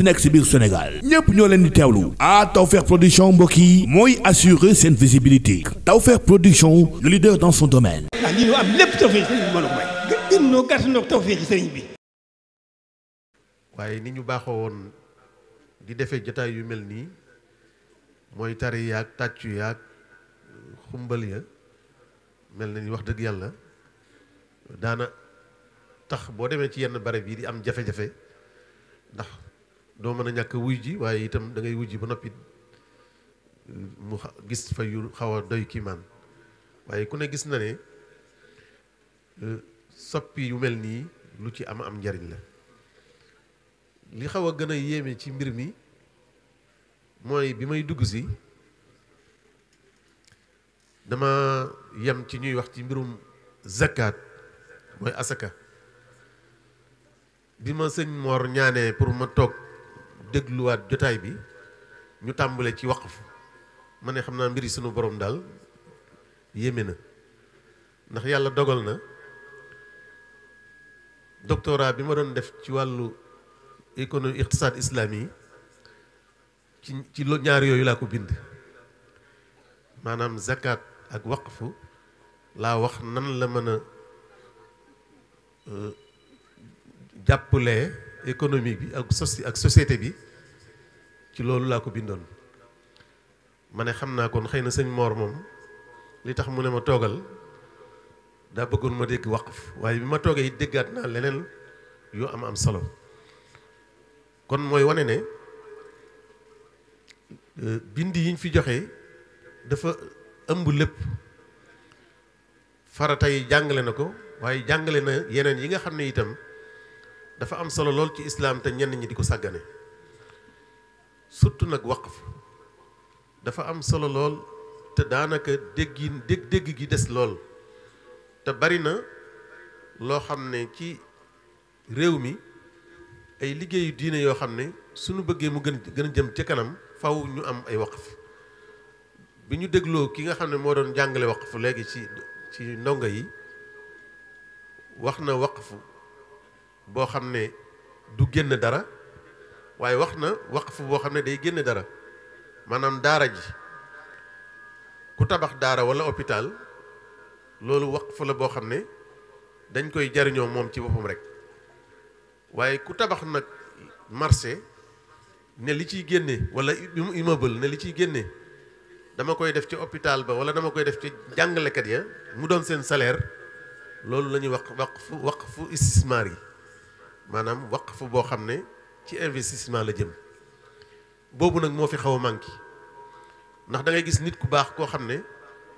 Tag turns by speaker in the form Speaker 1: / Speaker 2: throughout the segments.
Speaker 1: munti nekk si biir Sénégal ñépp ñoo leen di teewlu ah Tawfekh mbokk yi mooy assurer seen visibilité Tawfekh production le leader dans son domaine.
Speaker 2: ah lii ñu
Speaker 3: waaye ni ñu baaxoo woon di defee jotaay yu mel nii mooy tari yaag tàccu yaag xumbal ya mel na ni wax dëgg yàlla daana tax boo demee ci yenn barab yi di am jafe-jafe ndax doo mën a ñàkk wuy ji waaye itam da ngay wuy ji ba noppi mu gis fa yu xaw a doy kiimaan waaye ku ne gis na ne e, soppi yu mel nii lu ci am am njariñ la li xaw a gën a yéeme ci mbir mi mooy bi may dugg si dama yem ci ñuy wax ci mbirum zakat mooy asaka bi ma sëñ Mor ñaanee pour ma toog dégluwaat jotaay bi ñu tàmbale ci waqf ma ne xam naa mbiri sunu borom daal yéeme na ndax yàlla dogal na doctorat bi ma doon def ci wàllu économie iqtisaad islami ci ci lo ñaar yooyu laa ko bind maanaam zakat ak waqfu laa wax nan la mën a euh, jàppalee économique bi ak soci ak société bi ci loolu laa ko bindoon ma ne xam naa kon xëy na sëñ Mor moom li tax mu ne ma toogal daa bëggoon ma dégg waqf waaye bi ma toogee it déggaat naa leneen yoo am am solo kon mooy wane ne euh, bind yiñ fi joxe dafa ëmb lépp farata yi jàngale na ko waaye jàngale na yeneen yi nga xam ne itam dafa am solo lool ci islaam te ñenn ñi di ko sàggane surtout nag waqf dafa am solo lool te daanaka déggi dégg dégg gi des lool te bari na loo xam ne ci réew mi ay liggéeyu diine yoo xam ne suñu bëggee mu gën gën a jëm ca kanam faw ñu am ay waqf bi ñu dégloo ki nga xam ne moo doon jàngale waqf léegi ci ci ndongo yi wax na waqf boo xam ne du génn dara waaye wax na waqf boo xam ne day génn dara maanaam daara ji ku tabax daara wala hôpital loolu waqf la boo xam ne dañ koy jariñoo moom ci boppam rek waaye ku tabax nag marché ne li ciy génne wala immeuble ne li ciy génne dama koy def ci hôpital ba wala dama koy def ci jàngalekat ya mu doon seen salaire loolu la ñuy wax fu waqf fu istismaar yi maanaam waqfu boo xam ne ci investissement la jëm boobu nag moo fi xaw a manqué ndax da ngay gis nit ku baax koo xam ne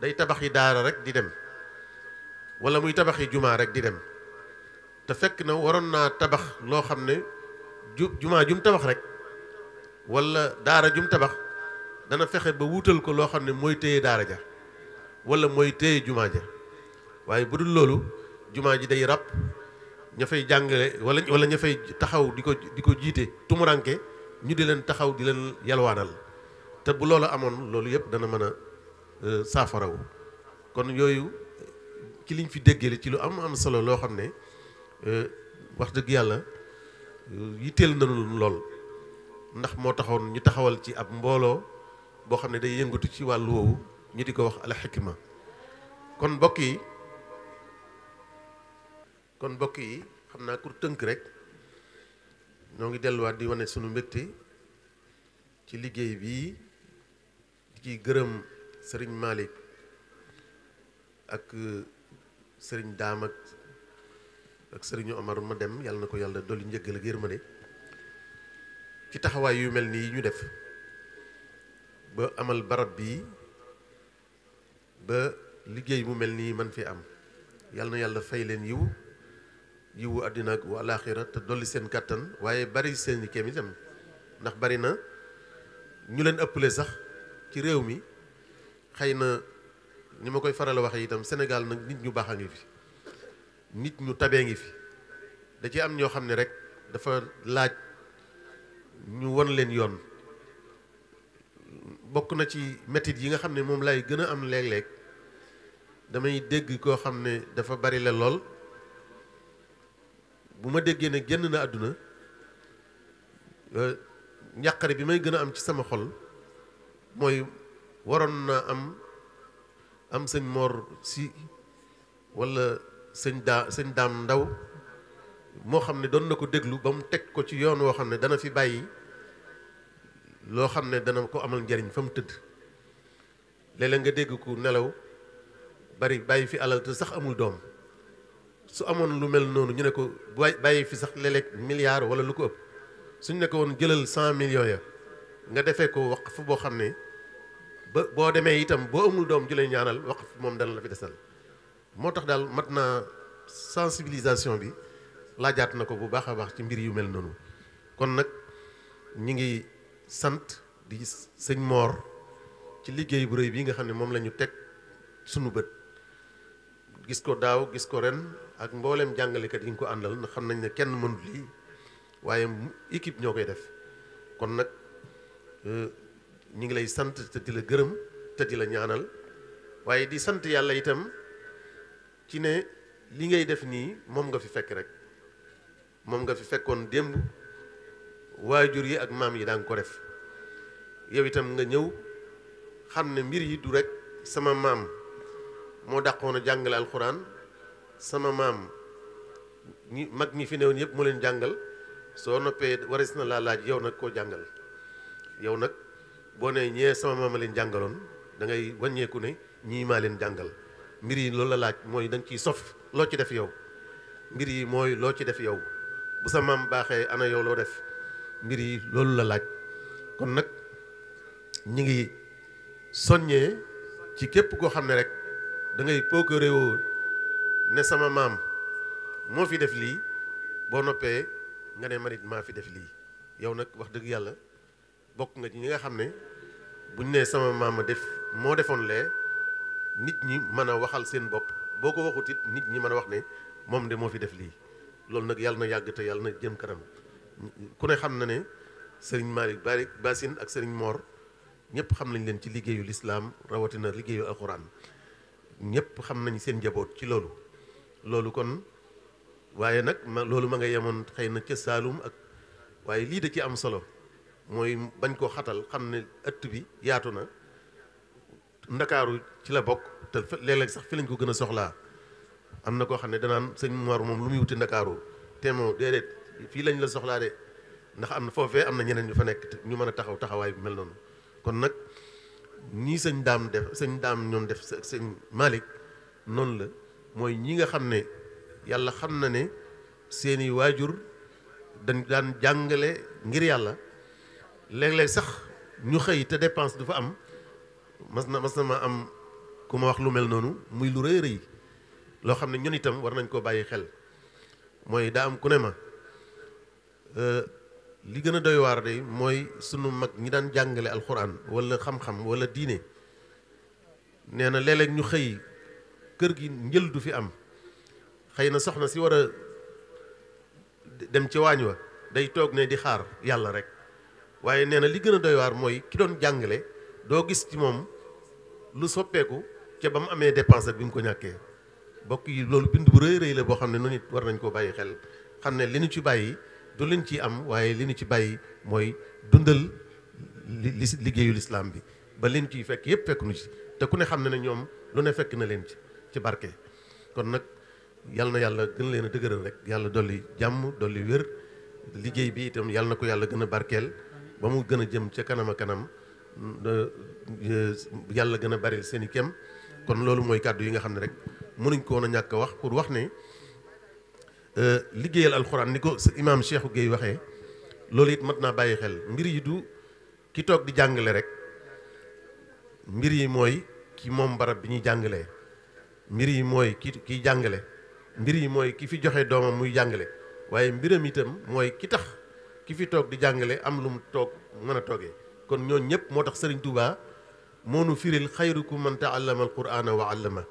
Speaker 3: day tabax yi daara rek di dem wala muy tabax yi jumaa rek di dem te fekk na waroon naa tabax loo xam ne ju jumaa jum tabax rek wala daara jum tabax dana fexe ba wutal ko loo xam ne mooy téye daara ja wala mooy téye jumaa ja waaye bu dul loolu jumaa ji day ràpp ña fay jàngale wala wala ña fay taxaw di ko di ko jiite tumuranke ñu di leen taxaw di leen yalwaanal te bu loolu amoon loolu yëpp dana mën a e, saafarawu kon yooyu ci liñ fi déggee ci lu am am solo loo xam ne e, wax dëgg yàlla e, yitteel nañu lool ndax moo taxoon ñu taxawal ci ab mbooloo boo xam ne day yëngatu ci wàllu woowu ñu di ko wax al hikma kon mbokk yi kon mbokk yi xam naa ko tënk rek ñoo ngi delluwaat di wane sunu mbégte ci liggéey bii di ci gërëm sëriñ Malick ak euh, sëriñ Daam ak ak sëriñu Omar ma dem yàlla na ko yàlla dolli njëggal ak yërmande ci taxawaay yu mel nii ñu def ba amal barab bii ba liggéey bu mel nii man fi am yàlla na yàlla fay leen yiw yiwu àddina ak alaaxira te dolli seen kàttan waaye bari seen i ndax bari na ñu leen ëpple sax ci réew mi xëy na ni ma koy faral a waxee itam senegal nag nit ñu baax a ngi fi nit ñu tabee ngi fi da ci am ñoo xam ne rek dafa laaj ñu won leen yoon bokk na ci métit yi nga xam ne moom lay gën a am léeg-léeg damay dégg koo xam ne dafa bari la lool bu ma déggee ne génn na àdduna euh, njàqare bi may gën a am ci sama xol mooy waroon naa am am sëñ Mor si walla sëñ daa sëñ daam ndaw moo xam ne doon na ko déglu ba mu teg ko ci yoon woo xam ne dana fi bàyyi loo xam ne dana ko amal njariñ fa mu tëdd léeg nga dégg ko nelaw bari bàyyi fi alal te sax amul doom su amoon lu mel noonu ñu ne ko bàyyi fi sax léeg-léeg milliard wala lu ko ëpp suñ ne ko woon jëlal cent millions ya nga defee ko waqf boo xam ne ba boo demee itam boo amul doom ju lay ñaanal waqf moom dana la fi desal moo tax daal mat na sensibilisation bi laajaat na ko bu baax a baax ci mbir yu mel noonu kon nag ñu ngi sant di sëñ Moor ci liggéey bu rëy bii nga xam ne moom la ñu teg sunu bët gis ko daaw gis ko ren ak mbooleem jàngalekat yi nga ko àndal na xam nañ ne kenn mënul lii waaye équipe ñoo koy def kon nag euh, ñu ngi lay sant te di la gërëm te di la ñaanal waaye di sant yàlla itam ci ne li ngay def nii moom nga fi fekk rek moom nga fi fekkoon démb waajur yi ak maam yi daa nga ko def yow itam nga ñëw xam ne mbir yi du rek sama maam moo dàqoon a jàngale alxuraan sama maam mag ñi fi newoon yëpp mu leen jàngal soo noppee waris na laa laaj yow nag koo jàngal yow nag boo nee ñee sama maam a leen jàngaloon da ngay wàññeeku ne ñii maa leen jàngal mbir yi loolu la laaj mooy da nga ciy sof loo ci def yow mbir yi mooy loo ci def yow bu sa maam baaxee ana yow loo def mbir yi loolu la laaj kon nag ñi ngi soññee ci képp koo xam ne rek da ngay pookarewoo ne sama maam moo fi def lii boo noppee nga ne man maa fi def lii yow nag wax dëgg yàlla bokk nga ci ñi nga xam ne buñ ne sama maam a def moo defoon lee nit ñi mën a waxal seen bopp boo ko waxut it nit ñi mën a wax ne moom de moo fi def lii loolu nag yàlla na yàgg te yàlla na jëm kanam ku ne xam na ne sëriñ Malick Barik Basine ak sëriñ Mor ñëpp xam nañ leen ci liggéeyu lislaam rawatina liggéeyu alxuraan ñëpp xam nañ seen njaboot ci loolu loolu kon waaye nag ma loolu ma nga yemoon xëy na ca Saalum ak waaye lii de ci am solo mooy bañ koo xatal xam ne ëtt bi yaatu na ndakaaru ci la bokk te léeg-léeg sax fi lañ ko gën a soxlaa am na koo xam ne danaan sëñ Mor moom lu muy wuti ndakaaru te moo déedéet fii lañ la soxlaa de ndax am na foofee am na ñeneen ñu fa nekk ñu mën a taxaw taxawaay bu mel noonu kon nag nii sëñ daam def sëñ daam ñoom def sëñ Malick noonu la mooy ñi nga xam ne yàlla xam na ne seeni waajur dañ daan jàngale ngir yàlla léeg-léeg sax ñu xëy te dépense du fa am mas na mas na ma am ku ma wax lu mel noonu muy lu rëy rëy loo xam ne ñun itam war nañ koo bàyyi xel mooy daa am ku ne ma euh, li gën a doy waar de mooy sunu mag ñi daan jàngale alxuraan walla xam-xam wala diine nee na léeg-léeg ñu xëy kër gi njël du fi am xëy na soxna si war a dem ci waañ wa day toog ne di xaar yàlla rek waaye nee na li gën a doy waar mooy ki doon jàngale doo gis ci moom lu soppeeku ca ba mu amee dépense ak bi mu ko ñàkkee bokk yi loolu bind bu rëy rëy la boo xam ne noonu it war nañ koo bàyyi xel xam ne li ñu ci bàyyi du liñ ci am waaye li ñu ci bàyyi mooy dundal li liggéeyu lislaam bi ba liñ ciy fekk yëpp fekk nu ci te ku ne xam ne na ñoom lu ne fekk na leen ci ci barke kon nag yal na yàlla gën leen a dëgëral rek yàlla dolli jàmm dolli wér liggéey bi itam yàlla na ko yàlla gën a barkeel ba mu gën a jëm ca kanam kanam mm, euh, yàlla gën a bari seen i kem kon loolu mooy kàddu yi nga xam ne rek mënuñ ko woon a ñàkk wax pour wax ne euh, liggéeyal alxuraan ni ko imaam Cheikhou géey waxee loolu it mat naa bàyyi xel mbir yi du ki toog di jàngale rek mbir yi mooy ki moom barab bi ñuy jàngalee. mbir yi mooy ki kiy jàngale mbir yi mooy ki fi joxe doomam muy jàngale waaye mbiram itam mooy ki tax ki fi toog di jàngale am lu mu toog mën a toogee kon ñooñu ñëpp moo tax sëriñ Touba moo nu firil xayrukum man taallama alqurana wa allama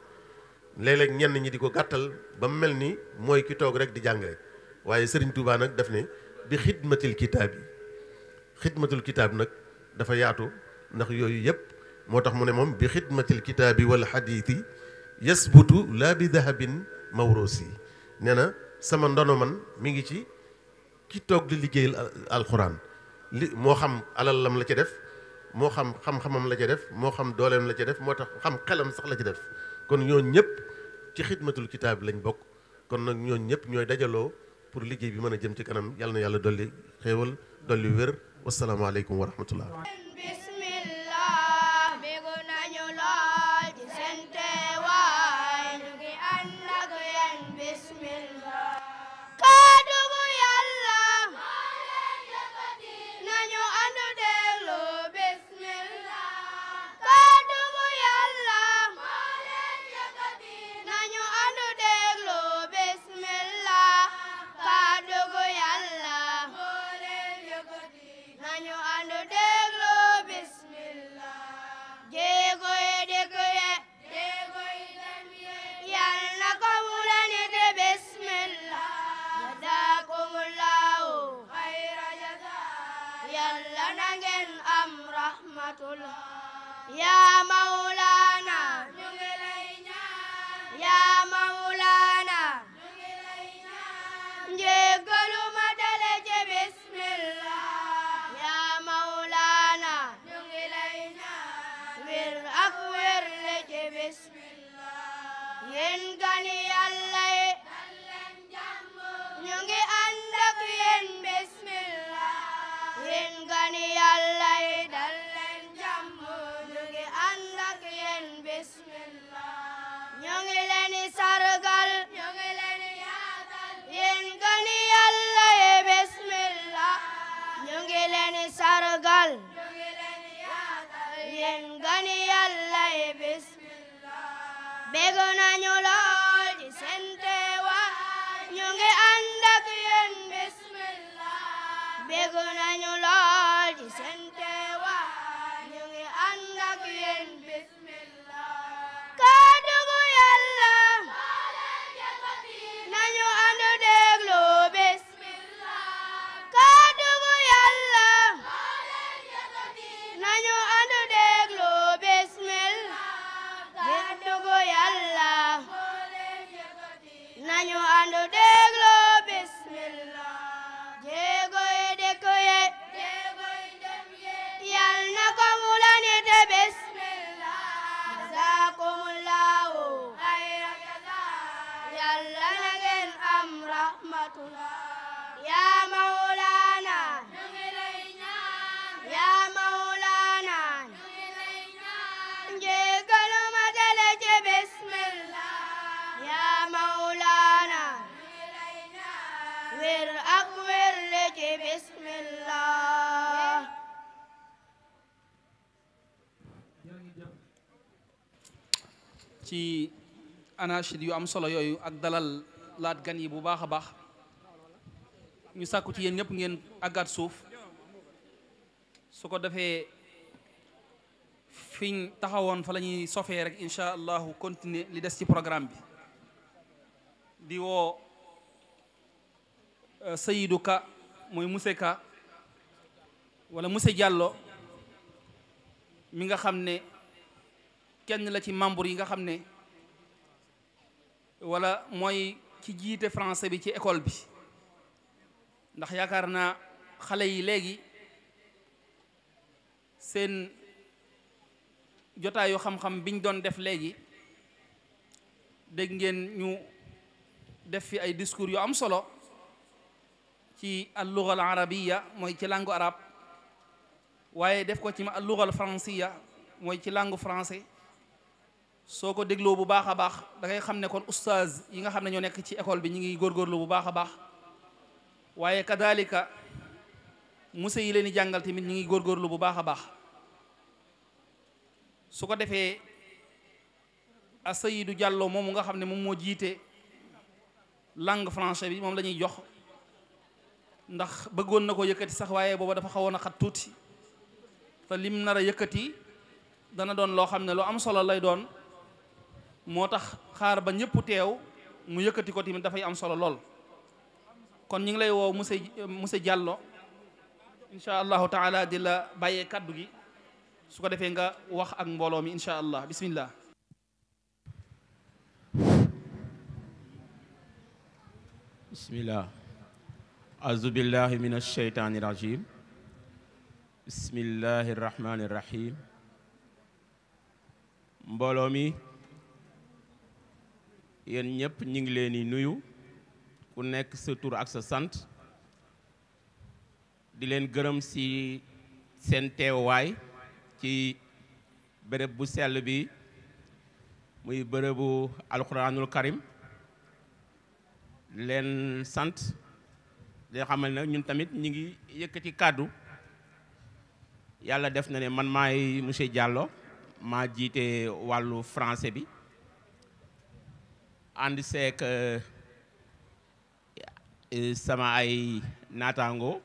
Speaker 3: léeg-léeg ñenn ñi di ko gàttal ba mu mel ni mooy ki toog rek di jàngale waaye sëriñ Touba nag daf ne bi xidmatil kitaab yi xidmatul kitaab nag dafa yaatu ndax yooyu yëpp moo tax mu ne moom bi xidmatil kitaabi wal xadiiti yasbutu laa bi dahabin mawrosi nee na sama ndono man mi ngi ci ki toog di liggéey alxuraan li moo xam alalam la ca def moo xam xam-xamam la ca def moo xam dooleem la ca def moo tax xam xelam sax la ca def kon ñoo ñëpp ci xidmatul kitaab lañ bokk kon nag ñoo ñëpp ñooy dajaloo pour liggéey bi mën a jëm ci kanam yàlla na yàlla dolli xéewal dolli wér wasalaamaaleykum wa rahmatullah
Speaker 4: Yeah. bëgg nañu lool ci seen teewaay ñu ngi ànd ak yéen bismillah bëgg nañu lool
Speaker 5: ci anachid yu am solo yooyu ak dalal laat gan yi bu baax a baax ñu sàkku ci yéen ñëpp ngeen àggaat suuf su ko defee fiñ taxawoon fa la ñuy sofee rek incha allahu continuer li des ci programme bi di woo euh, Ka mooy monsieur Ka wala monsieur Diallo mi nga xam ne kenn la ci membre yi nga xam ne wala mooy ci jiite français bi ci école bi ndax yaakaar naa xale yi léegi seen jotaayu xam-xam biñ doon def léegi dégg ngeen ñu def fi ay discours yu am solo ci alluga al arabiya mooy ci langue arabe waaye def ko ci alluga al fransiya mooy ci langue français soo ko dégloo bu baax a baax dangay xam ne kon ustaaz yi nga xam ne ñoo nekk ci école bi ñu ngi góorgóorlu bu baax a baax waaye kadalika musée yi leen di jàngal tamit ñu ngi góorlu bu baax a baax su ko defee jàlloo moom mu nga xam ne moom moo jiite langue français bi moom la ñuy jox ndax bëggoon na ko yëkkati sax waaye booba dafa xawoon a xat tuuti te lim nar a yëkkati dana doon loo xam ne lu am solo lay doon moo tax xaar ba ñëpp teew mu yëkkati ko tamit dafay am solo lool kon ñu ngi lay woow monsieur monsieur Diallo incha allahu taala di la bàyyee kàddu gi su ko defee nga wax ak mbooloo mi incha allah bismillah
Speaker 6: bismillah aouzu billahi min alsheytaani irajim bismillahi irrahmani irrahim mbooloo mi yéen ñëpp ñu ngi leen di nuyu ku nekk sa tur ak sa sant di leen gërëm si seen teewaay ci bërëb bu sell bi muy bërëbu alxuraanul karim leen sant di xamal nag ñun tamit ñu ngi yëkkati kàddu yàlla def na ne man maay monsieur Diallo maa jiite wàllu français bi ànd seek eh, eh, sama ay naataango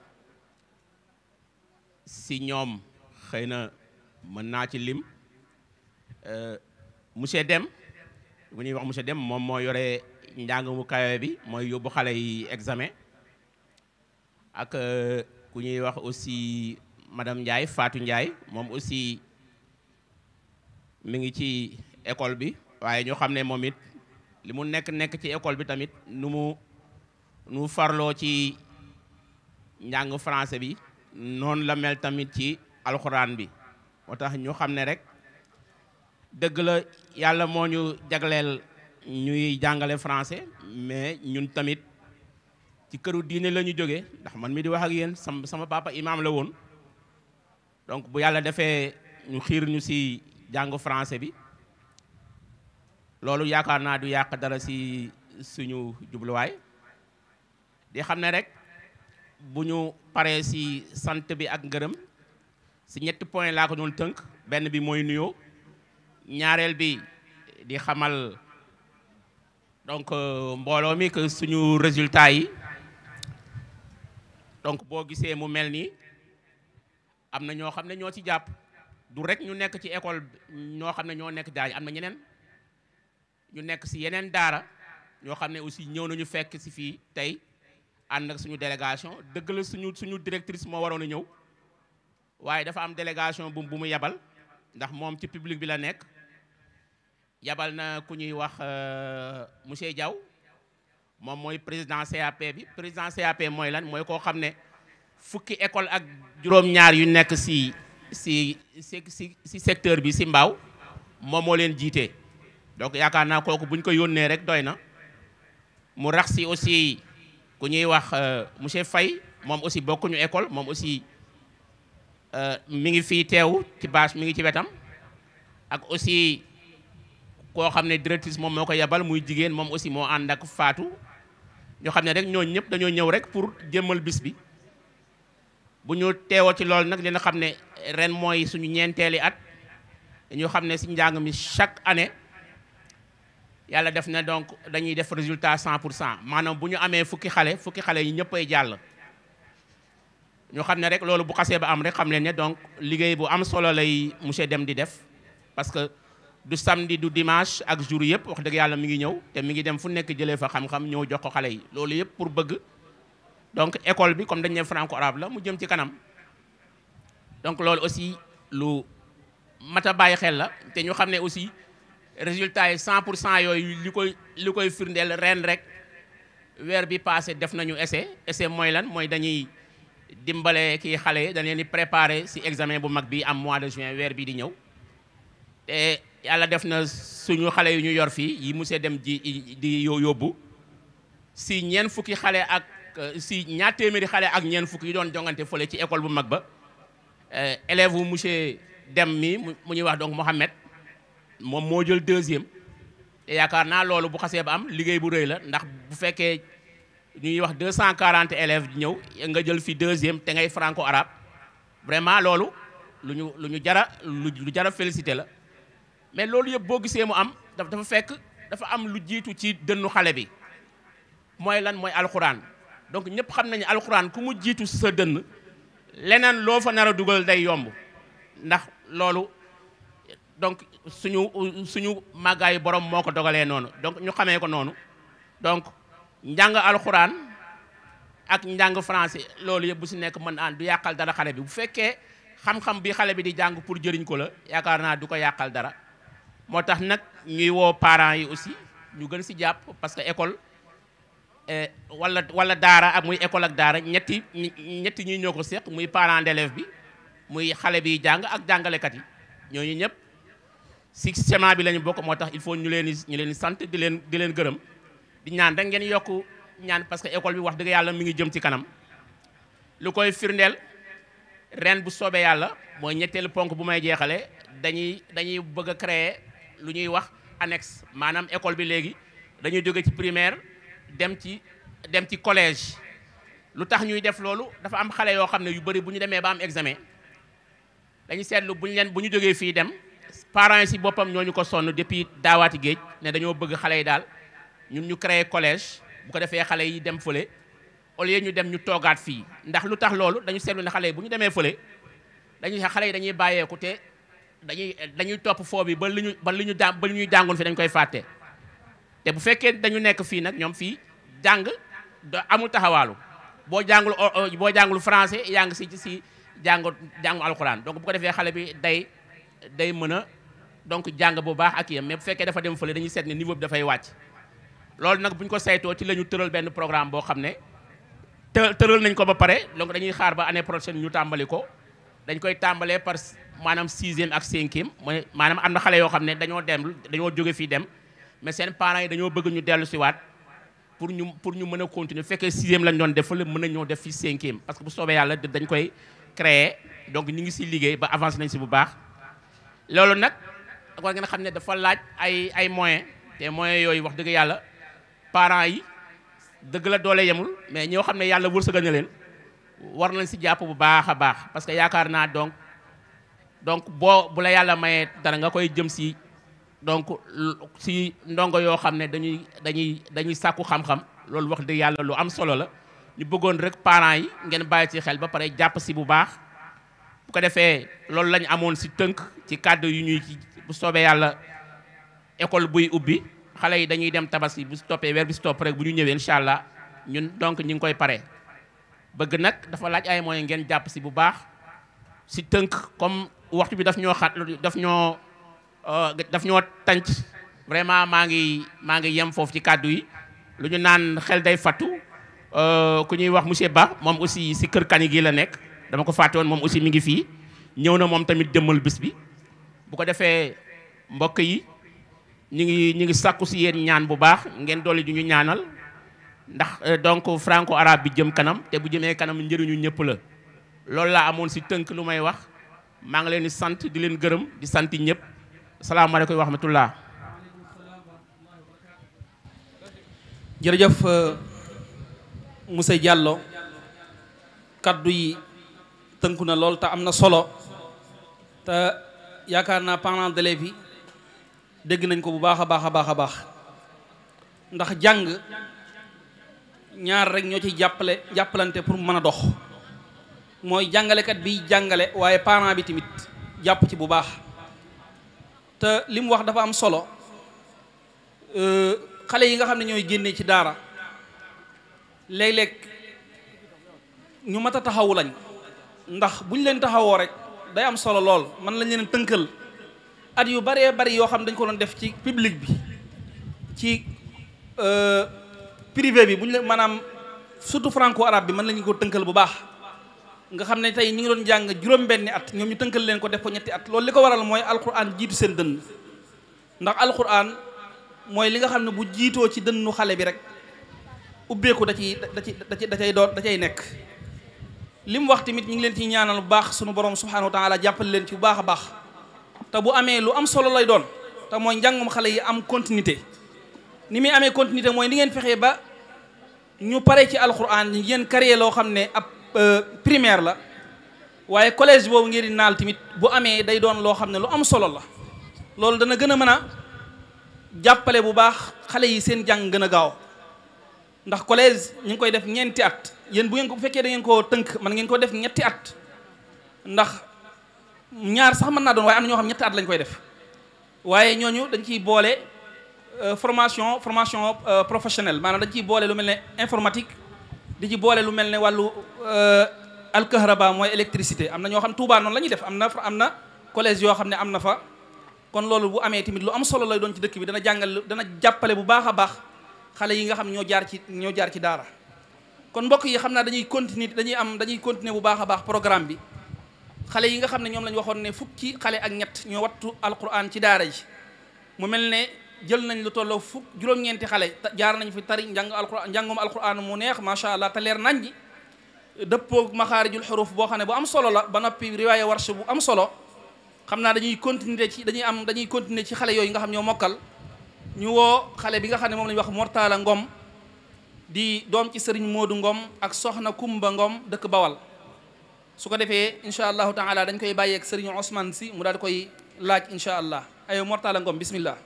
Speaker 6: si ñoom xëy na mën naa ci lim eh, monsieur Deme bu ñuy wax monsieur Deme moom moo yore njàng mu kawe bi mooy yóbbu xale yi examen ak ku ñuy wax aussi madam njaay faatu njaay moom aussi mi ngi ci école bi waaye ñoo xam ne moom it li mu nekk nekk ci école bi tamit nu mu nu farloo ci njàng français bi noonu la mel tamit ci alxuraan bi moo tax ñu xam ne rek dëgg la yàlla moo ñu jagleel ñuy jàngale français mais ñun tamit ci këru diine la ñu jógee ndax man mi di wax ak yéen sama sama papa imam la woon donc bu yàlla defee ñu xiir ñu si jàng français bi loolu yaakaar naa du yàq dara si suñu jubluwaay di xam ne rek bu ñu paree si sant bi ak ngërëm si ñetti point laa ko doon tënk benn bi mooy nuyoo ñaareel bi di xamal donc euh, mbooloo mi que suñu résultat yi donc boo gisee mu mel nii am na ñoo xam ne ñoo ci jàpp du rek ñu nekk ci école ñoo xam ne ñoo nekk daay am na ñeneen ñu nekk si yeneen daara ñoo xam ne aussi ñëw nañu fekk si fii tey ànd ak suñu délégation dëgg suñu suñu directrice moo waroon a ñëw waaye dafa am délégation bu bu mu yebal ndax moom ci public bi la nekk yabal na ku ñuy wax euh, monsieur Diaw moom mooy président CAP bi président CAP mooy lan mooy koo xam ne fukki école ak juróom-ñaar yu nekk si si si si secteur bi si mbaaw moom moo leen jiite. donc yaakaar naa kooku bu ñu ko yónnee rek doy na mu rax si aussi ku ñuy wax euh, monsieur fay moom aussi bokkuñu école moom aussi euh, mi ngi fii teew ci bâche mi ngi ci wetam ak aussi koo xam ne directrice moom moo ko yebal muy jigéen moom aussi moo ànd ak faatu ñoo xam ne rek ñoo ñëpp dañoo ñëw rek pour jëmmal bis bi bu ñu teewoo ci loolu nag dina xam ne ren mooy suñu ñeenteeli at dañoo xam ne si njàng mi chaque année yàlla def na donc dañuy def résultat cent pour cent maanaam bu ñu amee fukki xale fukki xale yi ñëpp ay jàll. ñu xam ne rek loolu bu xasee ba am rek xam leen ne donc liggéey bu am solo lay monsieur Deme di def parce que du samedi du dimanche ak jour yëpp wax dëgg yàlla mi ngi ñëw te mi ngi dem fu nekk jëlee fa xam-xam ñëw jox ko xale yi loolu yëpp pour bëgg donc école bi comme dañu ne franco arabe la mu jëm ci kanam donc loolu aussi lu mat bàyyi xel la te ñu xam ne aussi. résultat yi cent pour cent yooyu li koy li koy firndeel ren rek weer bi passé def nañu essai essai mooy lan mooy dañuy dimbale kii xale yi dañ di préparer si examen bu mag bi am mois de juin weer bi di ñëw te yàlla def na suñu xale yu ñu yor fii yi monsieur dem ji di yóbbu si ñeen fukki xale ak si ñaar téeméeri xale ak ñeen fukki yi doon jongante fële ci école bu mag ba eh, élève wu monsieur dem mi mu ñuy wax donc Mohamed moom moo jël deuxième te yaakaar naa loolu bu xasee ba am liggéey bu rëy la ndax bu fekkee ñuy wax deux cent quarante élèves ñëw nga jël fi deuxième te ngay franco arabe vraiment loolu lu ñu lu ñu jara lu jara félicité la mais loolu yëpp boo gisee mu am daf dafa fekk dafa am lu jiitu ci dënnu xale bi mooy lan mooy alxuraan donc ñëpp xam nañu alxuraan ku mu jiitu sa dënn leneen loo fa nar a dugal day yomb ndax loolu donc suñu suñu màggaayu borom moo ko dogalee noonu donc ñu xamee ko noonu donc njàng alxuraan ak njàng français loolu yëpp bu si nekk mën aan du yàqal dara xale bi bu fekkee xam-xam bi xale bi di jàng pour jëriñ ko la yaakaar naa du ko yàqal dara moo tax nag ñuy woo parents yi aussi ñu gën si jàpp parce que école eh, wala wala daara ak muy école ak daara ñetti ñetti ñuy ñoo ko séq muy parent d'élève bi muy xale biy jàng ak jàngalekat yi ñooñu ñëpp si chemin bi lañu bokk moo tax il faut ñu leen di ñu leen sant di leen leen gërëm di ñaan da ngeen yokk ñaan parce que école bi wax dëgg yàlla mi ngi jëm ci kanam lu koy firndeel ren bu soobee yàlla mooy ñetteelu ponk bu may jeexale dañuy dañuy bëgg a créer lu ñuy wax annexe maanaam école bi léegi dañuy jóge ci primaire dem ci dem ci collège lu tax ñuy def loolu dafa am xale yoo xam ne yu bëri bu ñu demee ba am examen dañuy seetlu bu ñu leen bu ñu jógee fii dem parents yi si boppam ñoo ñu ko sonn depuis daawaati géej ne dañoo bëgg xale yi daal ñun ñu créé collège bu ko defee xale yi dem fële au lieu ñu dem ñu toogaat fii ndax lu tax loolu dañu seetlu ne xale yi bu ñu demee fële dañuy xale yi dañuy bàyyeeku te dañuy dañuy topp foo bi ba li ñu ba li ñu daa ba ñuy jàngoon fii dañu koy fàtte te bu fekkee dañu nekk fii nag ñoom fii jàng amul taxawaalu boo jàngul boo jàngul français yaa ngi si si jàng jàngu alxuraan donc bu ko defee xale bi day day mën a donc jàng bu baax ak yem mais bu fekkee dafa dem fële dañuy seet ni niveau bi dafay wàcc loolu nag bu ñu ko saytoo ci la ñu tëral benn programme boo xam ne të tëral nañ ko ba pare donc dañuy xaar ba année prochaine ñu tàmbali ko dañ koy tàmbalee par maanaam sixième ak cinquième mooy maanaam am na xale yoo xam ne dañoo dem dañoo jóge fii dem mais seen parents yi dañoo bëgg ñu dellu si pour ñu pour ñu mën a continuer bu fekkee sixième lañ doon def fële mën a ñoo def fi cinquième parce que bu soobee dañ koy créer donc ñu ngi si liggéey ba avancé nañ si bu baax war ngeen xam ne dafa laaj ay ay moyens moyens yooyu wax dëgg yàlla parents yi dëgg la doole yemul mais ñoo xam ne yàlla wërsëgal na leen war nañ si jàpp bu baax a baax parce que yaakaar naa donc donc boo bu la yàlla mayee dara nga koy jëm si donc si ndongo yoo xam ne dañuy dañuy dañuy sàkku xam-xam loolu wax dëgg yàlla lu am solo la ñu bëggoon rek parent yi ngeen bàyyi ci xel ba pare jàpp si bu baax bu ko defee loolu lañ amoon si tënk ci kàddu yu ñuy bu soobee yàlla école buy ubbi xale yi dañuy dem tabaski bu toppee weer bi si topp rek bu ñu ñëwee incha allah ñun donc ñu ngi koy pare. bëgg nag dafa laaj ay mooy ngeen jàpp si bu baax si tënk comme waxtu bi daf ñoo xat daf ñoo euh, daf ñoo tànc vraiment maa ngi maa ngi yem foofu ci kàddu yi lu ñu naan xel day fattu euh, ku ñuy wax monsieur Ba moom aussi si kër kani gi la nekk dama ko fàtte moom aussi mi ngi fii ñëw na moom tamit jëmmal bis bi bu ko defee mbokk yi ñu ngi ñu ngi sàkku si yéen ñaan bu baax ngeen dolli du ñu ñaanal ndax euh, donc franco arabe bi jëm kanam te bu jëmee kanam njëriñu ñëpp la loolu laa amoon si tënk lu may wax maa ngi leen di sant di leen gërëm di santi ñëpp salaamaaleykum wa rahmatullah jërëjëf euh,
Speaker 5: monsieur Diallo kaddu yi tënku na lool te am na solo yaakaar naa parents d'élèves yi dégg nañ ko bu baax a baax a baax a baax ndax jàng ñaar rek ñoo ci jàppale jàppalante pour mën a dox mooy jàngalekat bi jàngale waaye parent bi tamit jàpp ci bu baax te li wax dafa am solo euh, xale yi nga xam ne ñooy génnee ci daara léeg-léeg ñu mat a taxawu lañ ndax bu ñu leen taxawoo rek day am solo lool man lañ leen tënkal at yu baree bari yoo xam ne dañ ko doon def ci public bi ci euh, privé bi bu ñu leen maanaam surtout franco arabe bi mën lañu ko tënkal bu baax nga xam ne tey ñu ngi doon jàng juróom-benni at ñoom ñu tënkal leen ko def ko ñetti at loolu li ko waral mooy alquran jiitu seen dënn ndax alquran mooy li nga xam ne bu jiitoo ci dënnu xale bi rek ubbeeku da ciy da ci da cay doon da cay nekk li mu wax tamit ñu ngi leen ciy ñaanal bu baax sunu borom subhanahu wa taala jàppale leen ci bu baax a baax te bu amee lu am solo lay doon te mooy njàngum xale yi am continuité ni muy amee continuité mooy ni ngeen fexee ba ñu pare ci alquran ñi ngeen créé loo xam ne ab euh, primaire la waaye collège boobu ngeen di naal tamit bu amee day doon loo xam ne lu am solo la loolu dana gën a mën a jàppale bu baax xale yi seen jàng gën a gaaw ndax collège ñu ngi koy def ñeenti at yéen bu ngeen ko fekkee da ngeen koo tënk man ngeen ko def ñetti at ndax ñaar sax mën naa doon waaye am na ñoo xam ñetti at lañ koy def waaye ñooñu dañ ciy boole euh, formation formation euh, professionnelle maanaam dañ ciy boole lu mel ne informatique di ci boole lu mel ne wàllu euh, alkahraba mooy électricité am na ñoo xam Tuubaa noonu la ñuy def am na am na collège yoo xam ne am na fa kon loolu bu amee tamit lu am solo lay doon ci dëkk bi dana jàngal dana jàppale bu baax baax xale yi nga xam ñoo jaar ci ñoo jaar ci daara kon mbokk yi xam naa dañuy continuer dañuy am dañuy continuer bu baax a baax programme bi xale yi nga xam ne ñoom lañu waxoon ne fukki xale ak ñett ñoo wattu alquran ci daara ji mu mel ne jël nañ lu tolloo fukk juróom-ñeenti xale jaar nañ fi tari njàng alquran njàngum alquran mu neex macha allah te leer nañ ji dëppoo maxaarijul xuruf boo xam ne bu am solo la ba noppi riwaaye warsh bu am solo xam naa dañuy continuer ci dañuy am dañuy continuer ci xale yooyu nga xam ñoo mokkal ñu woo xale bi nga xam ne moom la wax Mortala Ngom di doom ci sëriñ Moodu Ngom ak soxna Kumba Ngom dëkk Bawal su ko defee incha allahu taala dañ koy bàyyeek sëriñ Ousmane si mu daal koy laaj incha allah ayo Mortala Ngom bismillah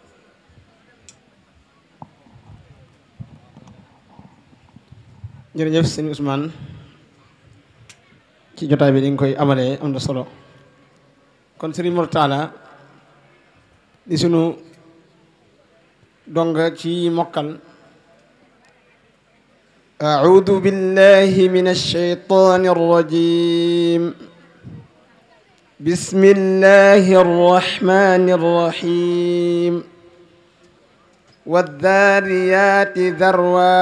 Speaker 2: jërëjëf ci jotaay bi di nga koy amalee am na solo
Speaker 3: kon sëriñ Mortala di sunu donga ci mokkal أعوذ
Speaker 6: بالله من الشيطان الرجيم بسم الله الرحمن الرحيم والذاريات ذروا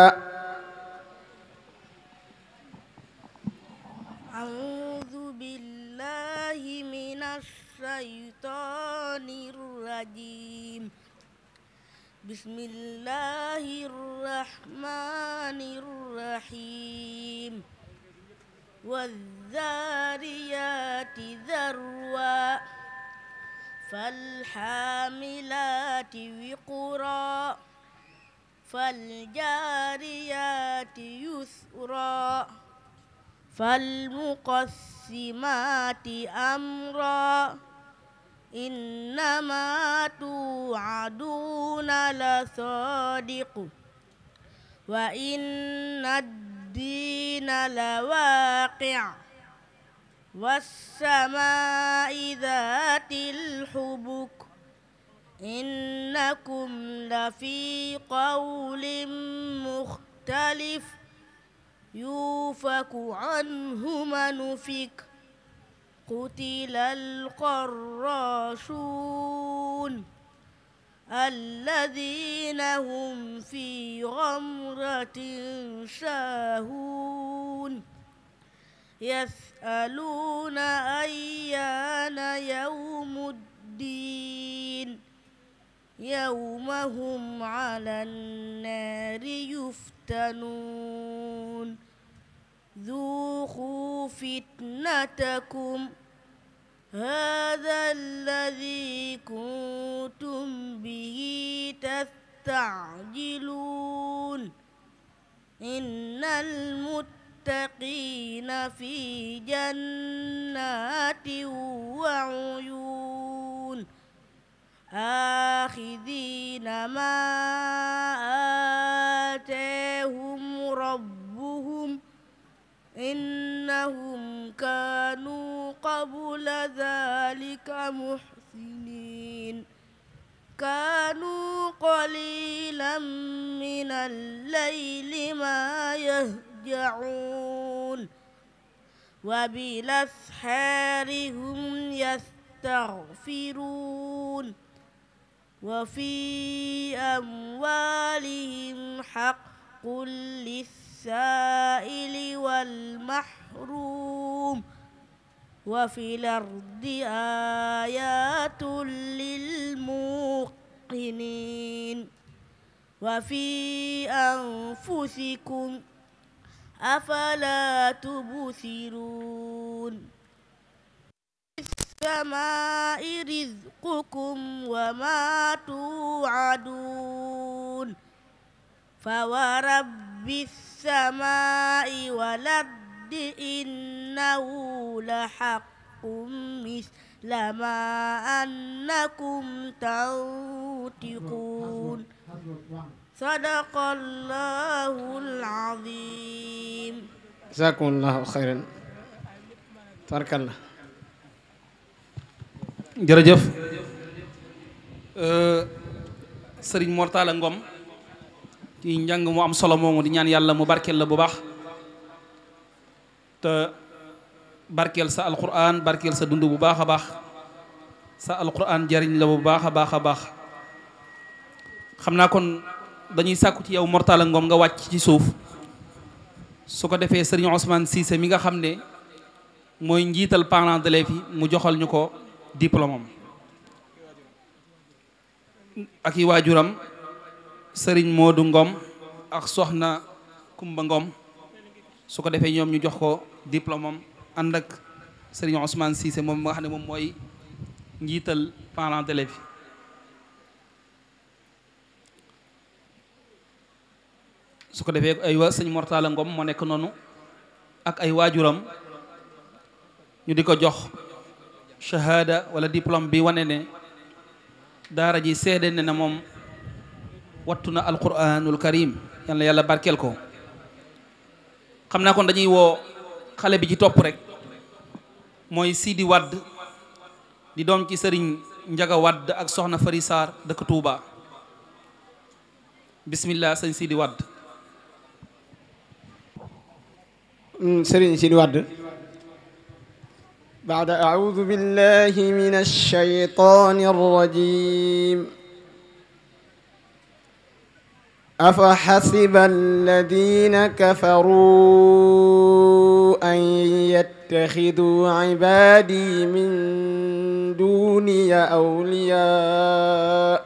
Speaker 7: بسم الله الرحمن الرحيم والذاريات ذروا فالحاملات وقرا فالجاريات يسرا فالمقسمات أمرا إنما توعدون لصادق وإن الدين لواقع والسماء ذات الحبك إنكم لفي قول مختلف يوفك عنه من أفك قتل الخراشون الذين هم في غمرة ساهون يسألون أيان يوم الدين يوم هم على النار يفتنون ذوقوا فتنتكم هذا الذي كنتم به تستعجلون إن المتقين في جنات وعيون آخذين ما آتاهم ربهم إنهم كانوا قبل ذلك محسنين كانوا قليلا من الليل ما يهجعون وبالأسحار هم يستغفرون وفي أموالهم حق للسائل السائل والمحروم وفي الأرض آيات للموقنين وفي أنفسكم أفلا تبصرون السماء رزقكم وما توعدون فورب بالسماء والأرض إنه لحق مثل ما أنكم تنطقون صدق الله العظيم
Speaker 8: جزاكم الله خيرا تبارك الله
Speaker 5: jërëjëf Serigne Mortala Ngom ci njàng mu am solo moomu di ñaan yàlla mu barkeel la bu baax te barkeel sa alquran barkeel sa dund bu baax a baax sa alquran jariñ la bu baax a baax a baax xam naa kon dañuy sàkku ci yow Mortalla ngoom nga wàcc ci suuf su ko defee sëriñ Ousmane Cissé mi nga xam ne mooy njiital parents d'élèves yi mu joxal ñu ko diplôme ak i waajuram sëriñ moodu Ngom ak soxna Kumba Ngom su ko defee ñoom ñu jox ko diplôme am ànd ak sëriñ Ousmane moom nga ne moom mooy njiital parents d'élèves yi su ko defee ay wa sëñ Mortala Ngom moo nekk noonu ak ay waajuram ñu di ko jox shahada wala diplôme bi wane ne daara ji seede ne na moom wattu na alquranul karim yal na barkeel ko xam naa kon dañuy woo xale bi ci topp rek mooy Sidi Wadd di doom ci sëriñ Njaga Wadd ak soxna Fari dëkk Touba bismillah sëñ Sidi Wadd
Speaker 6: sëriñ Sidi Wadd بعد أعوذ بالله من الشيطان الرجيم
Speaker 3: أفحسب الذين كفروا أن يتخذوا عبادي من دوني أولياء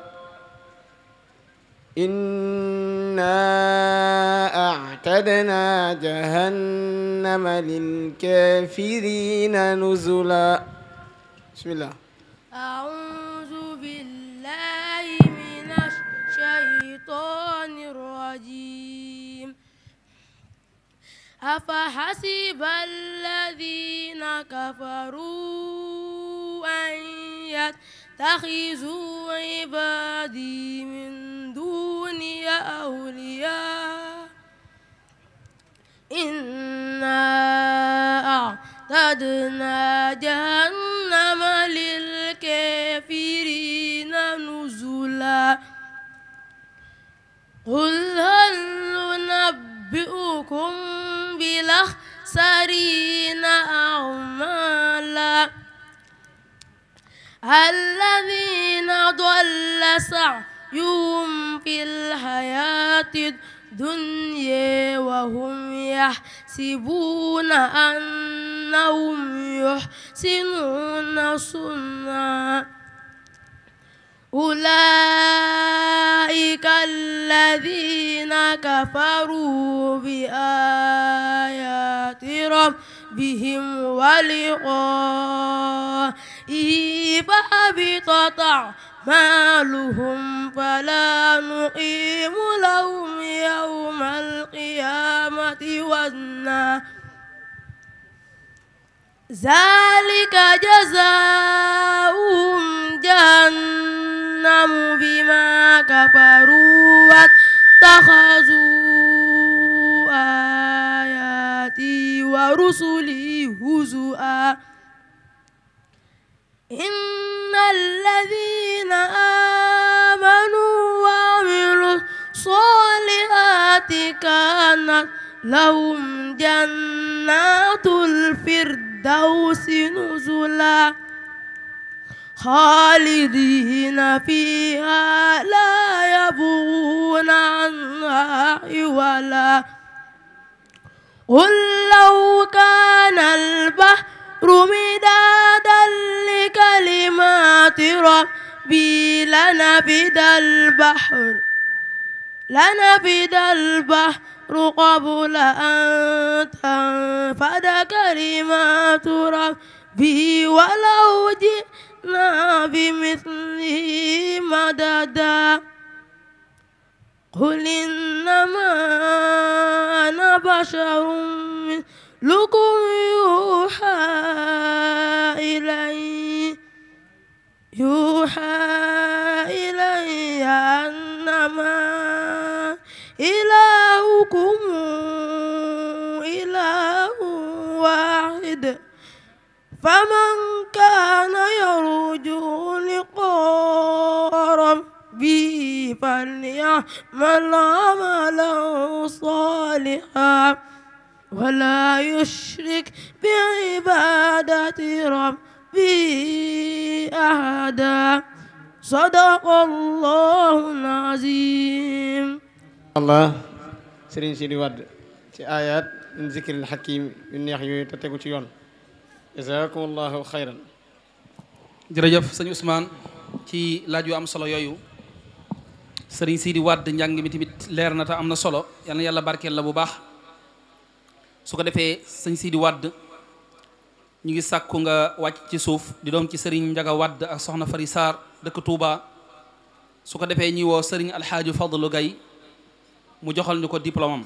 Speaker 6: إنا أعتدنا
Speaker 3: جهنم للكافرين نزلا بسم الله
Speaker 9: أعوذ بالله من الشيطان الرجيم أفحسب الذين كفروا أن يتخذوا عبادي من دوني أولياء إنا أعتدنا جهنم لله قل هل ننبئكم بالأخسرين أعمالا الذين ضل سعيهم في الحياة الدنيا وهم يحسبون أنهم يحسنون صنعا أولئك الذين كفروا بآيات ربهم ولقائه فحبطت أعمالهم فلا نقيم لهم يوم القيامة وزنا ذلك جزاؤهم جهنم أظلم بما كفروا واتخذوا آياتي ورسلي هزؤا إن الذين آمنوا وعملوا الصالحات كانت لهم جنات الفردوس نزلا خالدين فيها لا يبغون عنها عولا قل لو كان البحر مدادا لكلمات ربي لنفد البحر لنفد البحر قبل أن تنفد كلمات ربي ولو جئت جئنا بمثله مددا قل إنما أنا بشر مثلكم يوحى إلي يوحى إلي أنما إلهكم فمن كان يرجو لقاء ربه فليعمل عملا صالحا ولا يشرك بعبادة ربه أحدا صدق الله العظيم
Speaker 3: الله سيرين سيدي واد ci ayat min zikril hakim yu neex yooyu te tegu ci yoon jazakumullahu xayran
Speaker 5: jërëjëf sëñ Ousmane ci laaj yu am solo yooyu sëriñ Sidi Wade njàng mi tamit leer na te am na solo yal na yàlla barkeel la bu baax su ko defee sëñ Sidi Wade ñu ngi sàkku nga wàcc ci suuf di doom ci sëriñ Njaga Wade ak soxna Fari Sarr dëkk Touba su ko defee ñuy woo sëriñ Alxaaju lu Gay mu joxal nu ko diplôme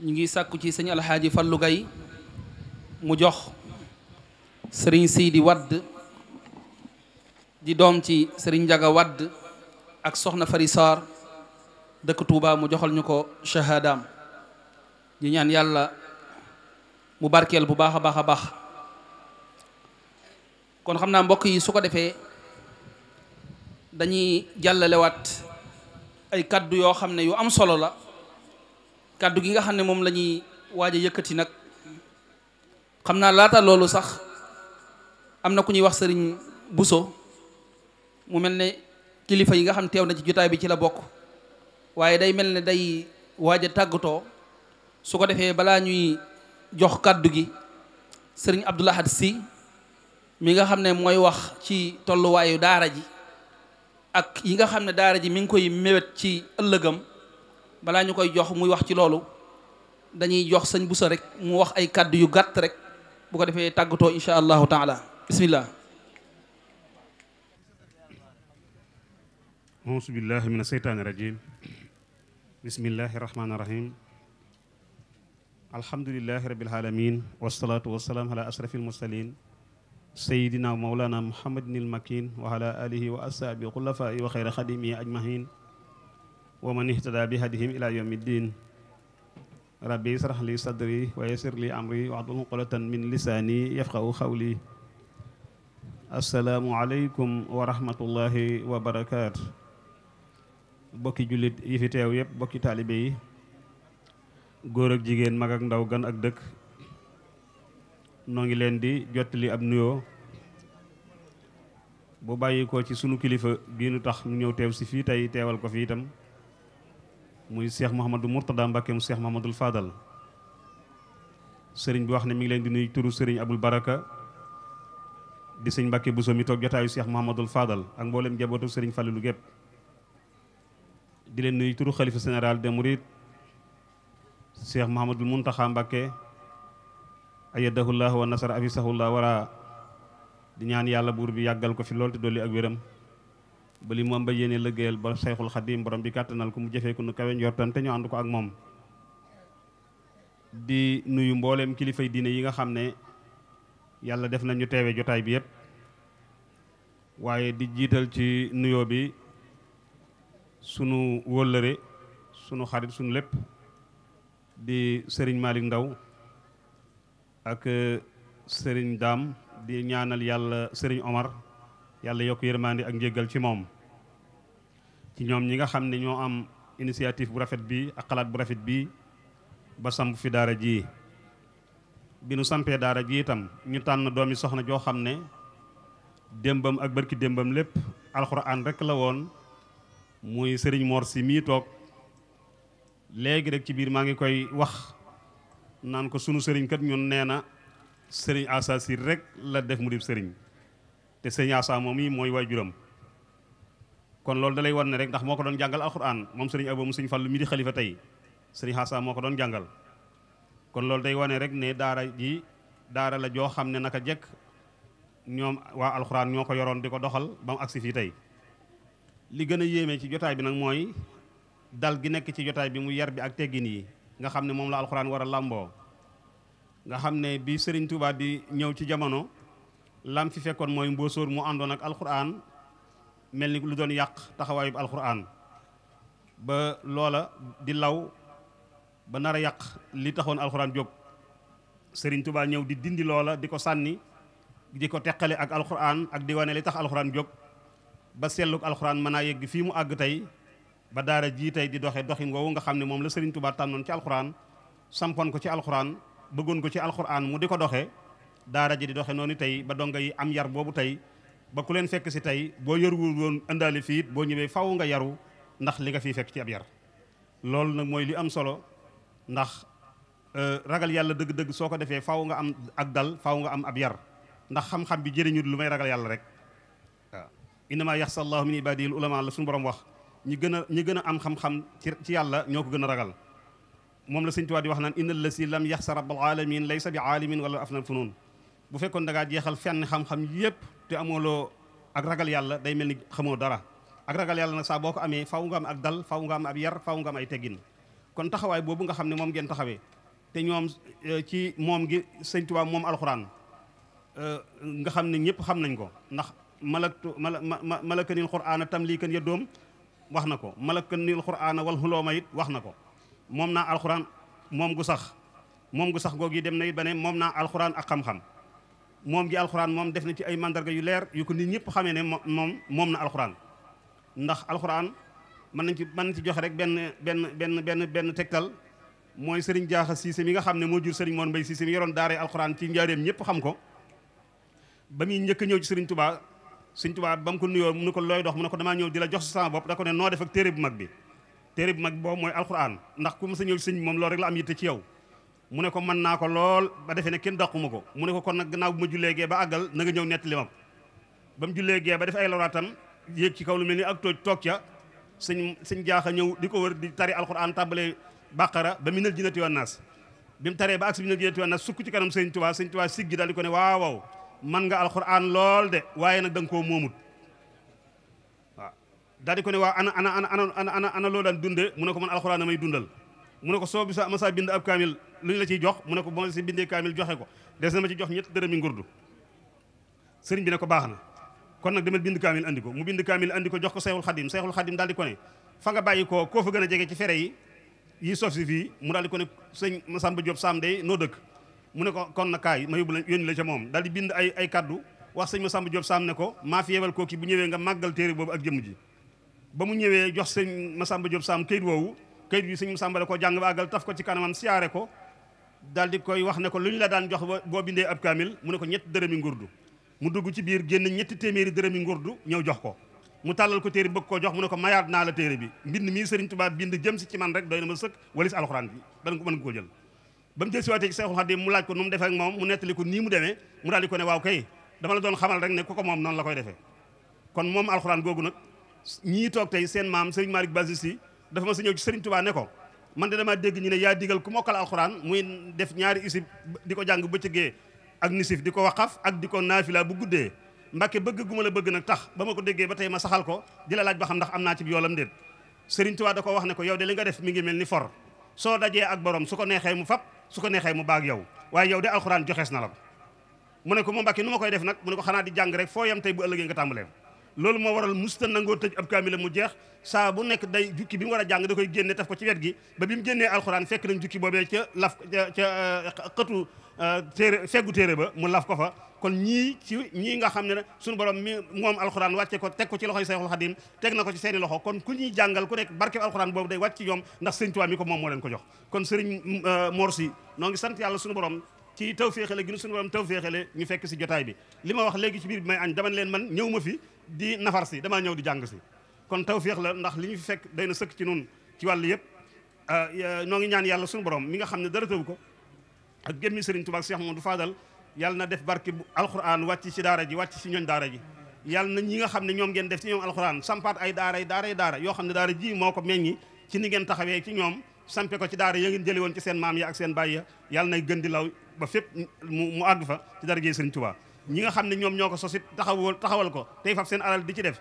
Speaker 5: ñu ngi sàkku ci sëñ Alxaaji lu Gay mu jox sëriñ siidi Wadd di doom ci sëriñ Njaga Wadd ak soxna Fari Sarr dëkk tuuba mu joxal ñu ko shahadaam ñu ñaan yàlla mu barkeel bu baax a baax a baax kon xam naa mbokk yi su ko defee dañuy jàllalewaat ay kaddu yoo xam ne yu am solo la kaddu gi nga xam ne moom lañuy ñuy waaj a yëkkati nag xam naa laata loolu sax am na ku ñuy wax sëriñ Buso mu mel ne kilifa yi nga xam teew na ci jotaay bi ci la bokk waaye day mel ne day waaja a tàggatoo su ko defee balaa ñuy jox kàddu gi sëriñ Abdul Ahad Si mi nga xam ne mooy wax ci tolluwaayu daara ji ak yi nga xam ne daara ji mi ngi koy méwét ci ëllëgam balaa ñu koy jox muy wax ci loolu dañuy jox sëñ Buso rek mu wax ay kàddu yu gàtt rek bu ko defee tàggatoo insha allahu taala
Speaker 2: bismillah auzu billahi min aseytaani rajim bismillahi rahmaani rahim alhamdulilahi rabil alamin wasalaatu wasalaam ala asrafi almursalin sayidina wa mawlana muhammadin almakin wa ala alihi wa asaabi xulafai wa xeyra xadimi ajmahin wa man ihtada bi hadihim ila yawmi ddin rabbi israh li sadri wa yassir li amri wahlul uqdatan min lisaani yafqahu qawli assalaamu aleykum wa rahmatullahi bokki jullit yi teew yëpp bokki taalibe yi góor ak jigéen mag ndaw gan ak dëkk noo ngi leen di jottali ab nuyoo bu bàyyi ko ci sunu kilifa bii tax mu ñëw teew si fii tey teewal ko fi tam muy seex Mouhamadou Mourtada Mbacke mu seex Mouhamadou Fadal sëriñ bi wax ne mi ngi leen di nuyu turu sëriñ Abul Baraka di sëñ Mbacke Bousso mi toog jotaayu seex Mouhamadou Fadal ak mboolem njabootu sëriñ Fallilou gépp di leen nuyu turu xalifa général des Mourides seex Mouhamadou Mountakha Mbacke ayyadahu llahu wa nasara afisahullah wara di ñaan yàlla buur bi yàggal ko fi lool te dolli ak wéram ba li moom ba yéene liggéeyal ba Seexul Xadiim borom bi kàttanal ko mu jëfee ko nu kawe njortam te ñu ànd ko ak moom di nuyu mbooleem kilifay diine yi nga xam ne yàlla def nañu teewe jotaay bi yépp waaye di jiital ci nuyoo bi sunu wóllëre sunu xarit sunu lépp di sëriñ Malick Ndaw ak euh, sëriñ Daam di ñaanal yàlla sëriñ Omar yàlla yokk yërmande ak njéggal ci moom ci ñoom ñi nga xam ne ñoo am initiative bu rafet bi ak xalaat bu rafet bii ba samp fi daara ji bi nu sampee daara ji itam ñu tànn doomi soxna joo xam ne démbam ak barki démbam lépp alxuraan rekk la woon muy sëriñ moor si mii toog léegi rek ci biir maa ngi koy wax naan ko sunu sëriñ kat ñun nee na sëriñ Asa si rek la def mu dib sëriñ te sëriñ Asa moom yi mooy waay juróom kon loolu dalay wan ne rek ndax moo ko doon jàngal alxuraan moom sëriñ Abo mu sëriñ Fallu mi di xalifa tey sëriñ Xaasa moo ko doon jàngal kon loolu day wane rek ne daara ji daara la joo xam ne naka jekk ñoom waa alxuraan ñoo ko yoroon di ko doxal ba mu agsi fii tey li gën a yéeme ci jotaay bi nag mooy dal gi nekk ci jotaay bi mu yar bi ak teggin yi nga xam ne moom la alxuraan war a làmboo nga xam ne bi Sëriñ Tuubaa di ñëw ci jamono lam fi fekkoon mooy mbóosóor mu àndoon ak alxuraan mel ni lu doon yàq taxawaayub alxuraan ba loola di law ba nar a yàq li taxoon alxuraan jóg sëriñ tubaa ñëw di dindi loola di ko sànni di ko teqale ak alxuraan ak di wane li tax alxuraan jóg ba selluk alxuraan mën naa yegg fii mu àgg tey ba daara jii tey di doxee doxin woowu nga xam ne moom la sëriñ tubaa tànnoon ci alxuraan sampoon ko ci alxuraan bëggoon ko ci alxuraan mu di ko doxe daara ji di doxe noonu tey ba donga yi am yar boobu tey ba ku leen fekk si tey boo yaruwul woon indaale fii boo ñëwee faw nga yaru ndax li nga fiy fekk ci ab yar loolu nag mooy li am solo ndax euh, ragal yàlla dëgg-dëgg soo ko defee faw nga am ak dal faw nga am ab yar ndax xam-xam bi jëriñul lu may ragal yàlla rek waaw innama yaxsa allahu min ibadihi ulama la suñu borom wax ñi gën a ñi gën a am xam-xam ci yàlla ñoo ko gën a ragal moom la sëñ Tuubaa di wax naan inna lasi lam yaxsa rabbal alamin laysa bi aalimin wala afnal funun bu fekkoon da jeexal fenn xam-xam yépp te amoo loo ak ragal yàlla day mel ni xamoo dara ak ragal yàlla nag saa boo ko amee faw nga am ak dal faw nga am ab yar faw nga am ay teggin kon taxawaay boobu nga xam ne moom ngeen taxawee te ñoom e, ci moom ngi sëñ Tuubaa moom alxuraan e, nga xam ne ñëpp xam nañ ko ndax malaktu mala tam lii tamlikan ya doom wax na ko malakanil qur'aana wal xulooma it wax na ko moom naa alxuraan moom gu sax moom ngu sax gi dem na it ba ne moom naa alxuraan ak xam moom gi alxuraan moom def na ci ay màndarga yu leer yu ko nit ñëpp xamee ne moom moom na alxuraan ndax alxuraan mën nañ ci mën ci joxe rek benn benn benn benn benn tegtal mooy sëriñ jaaxa siise mi nga xam ne moo jur sëriñ moon mbay siise mi yoroon daaree alxuraan ci njaareem ñëpp xam ko ba muy njëkk ñëw ci sëriñ tubaa sëriñ tubaa ba mu ko nuyoo mu ne ko looy dox mu ne ko damaa ñëw di la jox si sama bopp da ko ne noo def ak téere bu mag bi téere bu mag boobu mooy ndax ku sa ñëw sëriñ moom loolu rek la am yitte ci yow mu ne ko man naa ko lool ba defee ne kenn daquma ko mu ne ko kon nag gannaaw bu ma jullee gee ba àggal na ñëw nettali ma ba mu jullee gee ba def ay loraatam yéeg ci kaw lu mel ni ak tooj toog ca sëñ sëñ jaaxa ñëw di ko wër di tari alxuraan tàmbalee bàqara ba minal jinnati wan naas bi mu taree ba ak si minal jinnati wan naas ci kanam sëñ tubaa sëñ tubaa siggi daal di ko ne waaw waaw man nga alxuraan lool de waaye nag da koo moomut waaw daal di ne waaw ana ana ana ana ana ana loo daan dunde mu ne mu ne ko soo bisa masa bind ab kaamil lu ñu la ciy jox mu ne ko boo si bindee kaamil joxe ko des na ma ci jox ñett dërëmi ngurdu sëriñ bi ne ko baax na kon nag demal bind kaamil andi ko mu bind kaamil andi ko jox ko seexul xadim seexul xadim daal di ko ne nga bàyyi koo koo fa a jege ci fere yi yi si fii mu daal ko ne sëñ Masamba Diop Sam day noo dëkk mu ne ko kon na kaay ma yóbbu la yónni la ca moom daal di bind ay ay kaddu wax sëñ Masamba Diop Sam ne ko maa fi yebal kooki bu ñëwee nga màggal téere boobu ak jëmm ji ba mu ñëwee jox sëñ Masamba Diop Sam kayit woowu kayit bi sëñ Masamba da ko jàng ba àggal taf ko ci kanamam siyaare ko daal di koy wax ne ko lu ñu la daan jox boo bindee ab kaamil mu ne ko ñett dërëmi ngurdu mu dugg ci biir génn ñetti téeméeri dërëmi ngurdu ñëw jox ko mu tàllal ko téere bëgg koo jox mu ne ko mayaat naa la téere bi mbind mii Sëriñ Tuubaa bind jëm si ci man rek doy na ma sëkk walis alxuraan bi ban ba mu jël si waatee ci Seexul Xadiim mu laaj ko nu mu defee ak moom mu nettali ko nii mu demee mu daal ko ne waaw kay dama la doon xamal rek ne ku ko moom noonu la koy nag ñii toog tey seen maam Sëriñ Malick Basisi dafa ma sa ñëw ci Sëriñ Tuubaa ne ko man de damaa dégg ñu ne yaa digal ku mokkal alxuraan muy def ñaari isib di ko jàng bëccëgee ak nisif di ko wax waqaf ak di ko naafila bu guddee mbàkke bëgg gu ma la bëgg nag tax ba ma ko déggee ba tey ma saxal ko di la laaj ba xam ndax am naa ci yoolam déet Sëriñ Tuubaa da ko wax ne ko yow de li nga def mi ngi mel ni for soo dajee ak borom su ko neexee mu fab su ko neexee mu baag yow waaye yow de alxuraan joxees na la ko mu ne ko mu mbàkke nu ma koy mu xanaa di jàng rek foo yem tey bu ëllëgee nga tàmbalee loolu moo waral musta nangoo tëj ab kaamila mu jeex saa bu nekk day jukki bi mu war a jàng da koy génne taf ko ci wet gi ba bi mu génnee alxuraan fekk nañ jukki boobee ca laf ca euh, xëtu euh, téere feggu téere ba mu laf ko fa kon ñii ci ñii nga xam ne suñu borom mi moom alxuraan wàcce ko teg ko ci loxo loxoy Seexul Xadim teg na ko ci seeni loxo kon ku ñuy jàngal ku nekk barkeb alxuraan boobu day wàcc ci ñoom ndax sëñ Tuubaa mi ko moom moo leen ko jox kon sëriñ euh, Mor Si sant yàlla suñu borom ci taw féexale gi nu borom taw féexale ñu fekk si jotaay bi li ma wax léegi ci biir bi may añ dama leen man ñëw fi di nafar si damaa ñëw di jàng si kon taw la ndax li ñu fi fekk day na sëkk ci nun ci wàllu yëpp euh, noo ngi ñaan yàlla suñu borom mi nga xam ne dara tëw ko ak gémmi Sëriñ Tuubaa Cheikh Mamadou Fadal yàlla na def barke bu alquran wàcc ci daara ji wàcc ci ñooñ daara ji yàlla na ñi nga xam ne ñoom ngeen def ci ñoom alquran sampaat yoo xam ne daara ji moo ko meññi ci ni ngeen taxawee ci ñoom sampe ko ci daara ya ngeen jëli ba fépp mu àgg fa ci darajee Sëriñ Tuubaa ñi nga xam ne ñoom ñoo ko sosit taxawal taxawal ko tey fab seen alal di ci def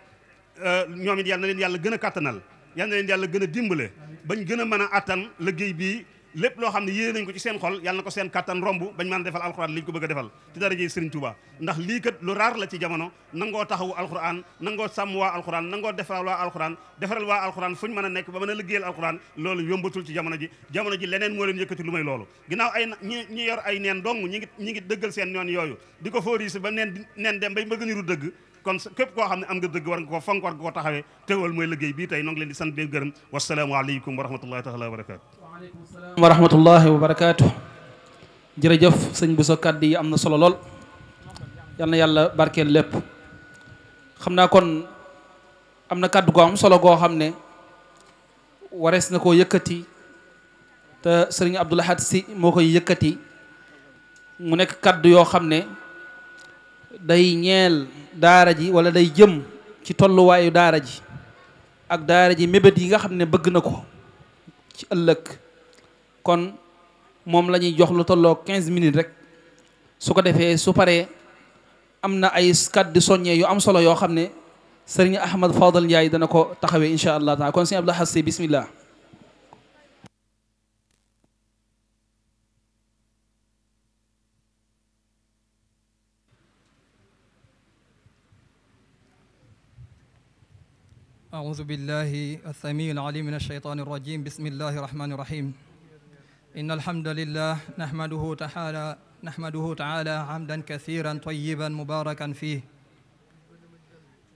Speaker 2: euh, ñoom it yal na leen yàlla gën a kàttanal yal na leen yàlla gën a dimbale bañ gën a mën a àttan liggéey bii lépp loo xam ne yéene nañ ko ci seen xol yàlla na ko seen kàttan romb bañ mën a defal alxuraan liñ ko bëgg a defal ci daraje Sëriñ Tuuba ndax lii kat lu raar la ci jamono nangoo taxawu alxuraan nangoo sàmm waa alxuraan nangoo defaral waa alxuraan defaral waa alxuraan fuñ mën a nekk ba mën a liggéeyal alxuraan loolu yombatul ci jamono ji jamono ji leneen moo leen yëkkati lu may loolu ginnaaw ay ñi ñi yor ay neen dong ñi ngi ñi ngi dëggal seen ñoon yooyu di ko fóoriise ba neen neen dem koo xam ne am nga war nga ko fonk war nga ko taxawee teewal mooy liggéey bii tey noo ngi leen
Speaker 5: wa rahmatullahi wa barakaatu jërëjëf sëñ bu sa kàddu yi am na solo lool yal na yàlla barkeel lépp xam naa kon am na kàddu goo am solo goo xam ne warees na koo yëkkati te sëriñ Abdul Ahad si moo koy yëkkati mu nekk kàddu yoo xam ne day ñeel daara ji wala day jëm ci tolluwaayu daara ji ak daara ji mébét yi nga xam ne bëgg na ko ci ëllëg kon moom la ñuy jox lu tolloo quinze minutes rek su ko defee su paree am na ay kàddu soññee yu am solo yoo xam ne sëriñ Ahmad Fadal Ndiaye dana ko taxawee incha allah taala kon sëriñ Abdou Lahad Sy bismillah
Speaker 8: أعوذ بالله السميع العليم من الشيطان الرجيم بسم الله الرحمن الرحيم إن الحمد لله نحمده تعالى نحمده تعالى حمدا كثيرا طيبا مباركا فيه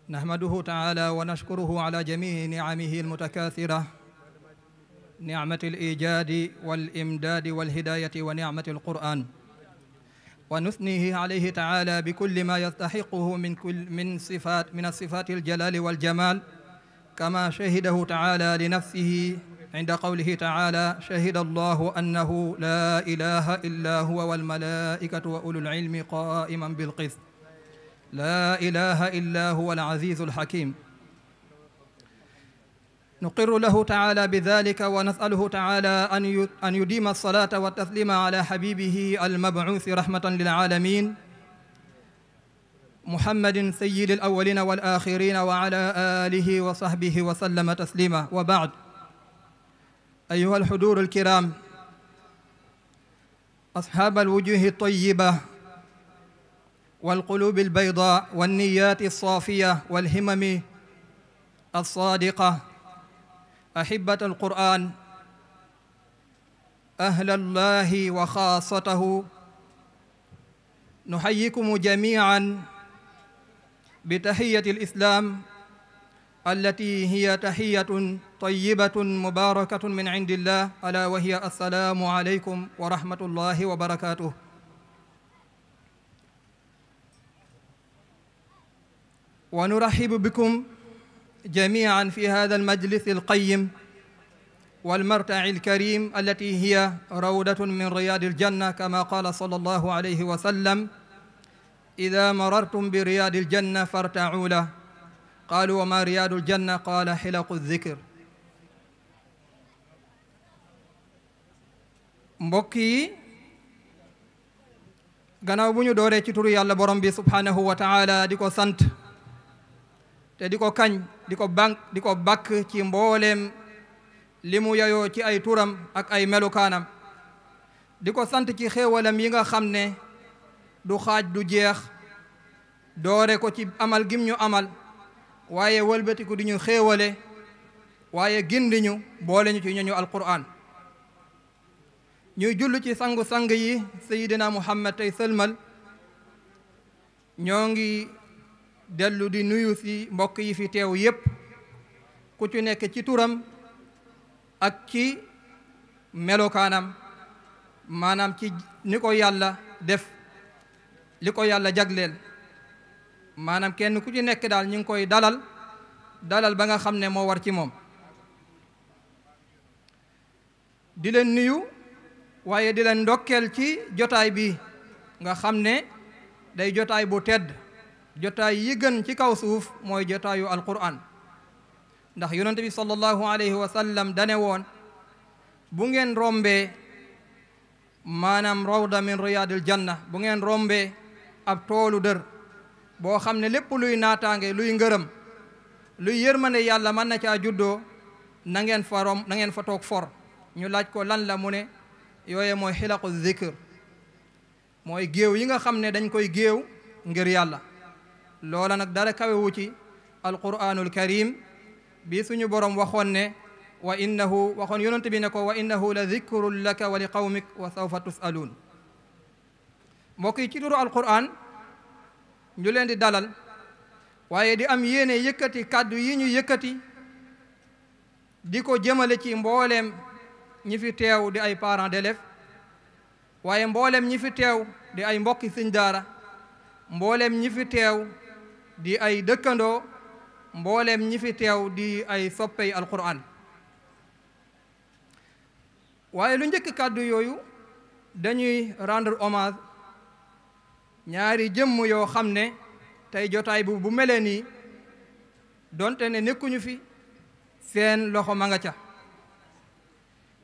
Speaker 8: نحمده تعالى ونشكره على جميع نعمه المتكاثرة نعمة الإيجاد والإمداد والهداية ونعمة القرآن ونثنيه عليه تعالى بكل ما يستحقه من كل من صفات من الصفات الجلال والجمال كما شهده تعالى لنفسه عند قوله تعالى شهد الله أنه لا إله إلا هو والملائكة وأولو العلم قائما بالقسط لا إله إلا هو العزيز الحكيم نقر له تعالى بذلك ونسأله تعالى أن يديم الصلاة والتسليم على حبيبه المبعوث رحمة للعالمين محمد سيد الأولين والآخرين وعلى آله وصحبه وسلم تسليما وبعد أيها الحضور الكرام أصحاب الوجوه الطيبة والقلوب البيضاء والنيات الصافية والهمم الصادقة أحبة القرآن أهل الله وخاصته نحييكم جميعا بتحية الإسلام التي هي تحية tayyibatun mubaarakatun min indillah ala wa hiya assalaamu aleykum wa rahmatullahi wa barakaatuh wa nurahibu bikum jamiican fi haada almajlis alqayyim والمرتع الكريم التي هي روضة من رياض الجنة كما قال صلى الله عليه وسلم إذا مررتم برياض الجنة فارتعوا له قالوا وما رياض الجنة قال حلق الذكر mbokk yi gannaaw bu ñu dooree ci turu yàlla borom bi subhanahu wa taala di ko sant te di ko kañ di ko bank di ko bakk ci mbooleem li mu yayoo ci ay turam ak ay melukaanam di ko sant ci xéewalam yi nga xam ne du xaaj du jeex doore ko ci amal gim ñu amal waaye wëlbatiku di ñu xéewale waaye gindi ñu boole ñu ci ñooñu alquran ñuy jullu ci sangu-sang yi sayidina muhammad tey sëlmal ñoo ngi dellu di nuyu si mbokk yi fi teew yépp ku ci nekk ci turam ak ci melokaanam maanaam ci ni ko yàlla def li ko yàlla jagleel maanaam kenn ku ci nekk daal ñu ngi koy dalal dalal ba nga xam ne moo war ci moom di leen nuyu waaye di leen ndokkeel ci jotaay bi nga xam ne day jotaay bu tedd jotaay yi gën ci kaw suuf mooy jotaayu alquran ndax yu yonente bi sallallahu alayhi wa sallam dane woon bu ngeen rombee maanaam rawda min riyaadil janna bu ngeen rombee ab toolu dër boo xam ne lépp luy naataange luy ngërëm luy yërmande yàlla mën na caa juddoo na ngeen fa rom na ngeen fa toog for ñu laaj ko lan la mu ne yooye mooy xilaqu zikr mooy géew yi nga xam ne dañ koy géew ngir yàlla loola nag dara kawewu ci alquraanul karim bi suñu borom waxoon ne wa innahu waxoon yonent bi ko wa innahu la zikrun laka wa li qawmik wa sawfa tusaluun mbokk yi ci turu alquran ñu leen di dalal waaye di am yéene yëkkati kàddu yi ñu yëkkati di ko jëmale ci mbooleem ñi fi teew di ay parents d'élèves waaye mboolem ñi fi teew di ay mbokki sëñ daara mboolem ñi fi teew di ay dëkkandoo mboolem ñi fi teew di ay soppey alquran waaye lu njëkk kàddu yooyu dañuy rendre hommage ñaari jëmm yoo xam ne tey jotaay bu bu mele nii donte ne nekkuñu fi seen loxo ma nga ca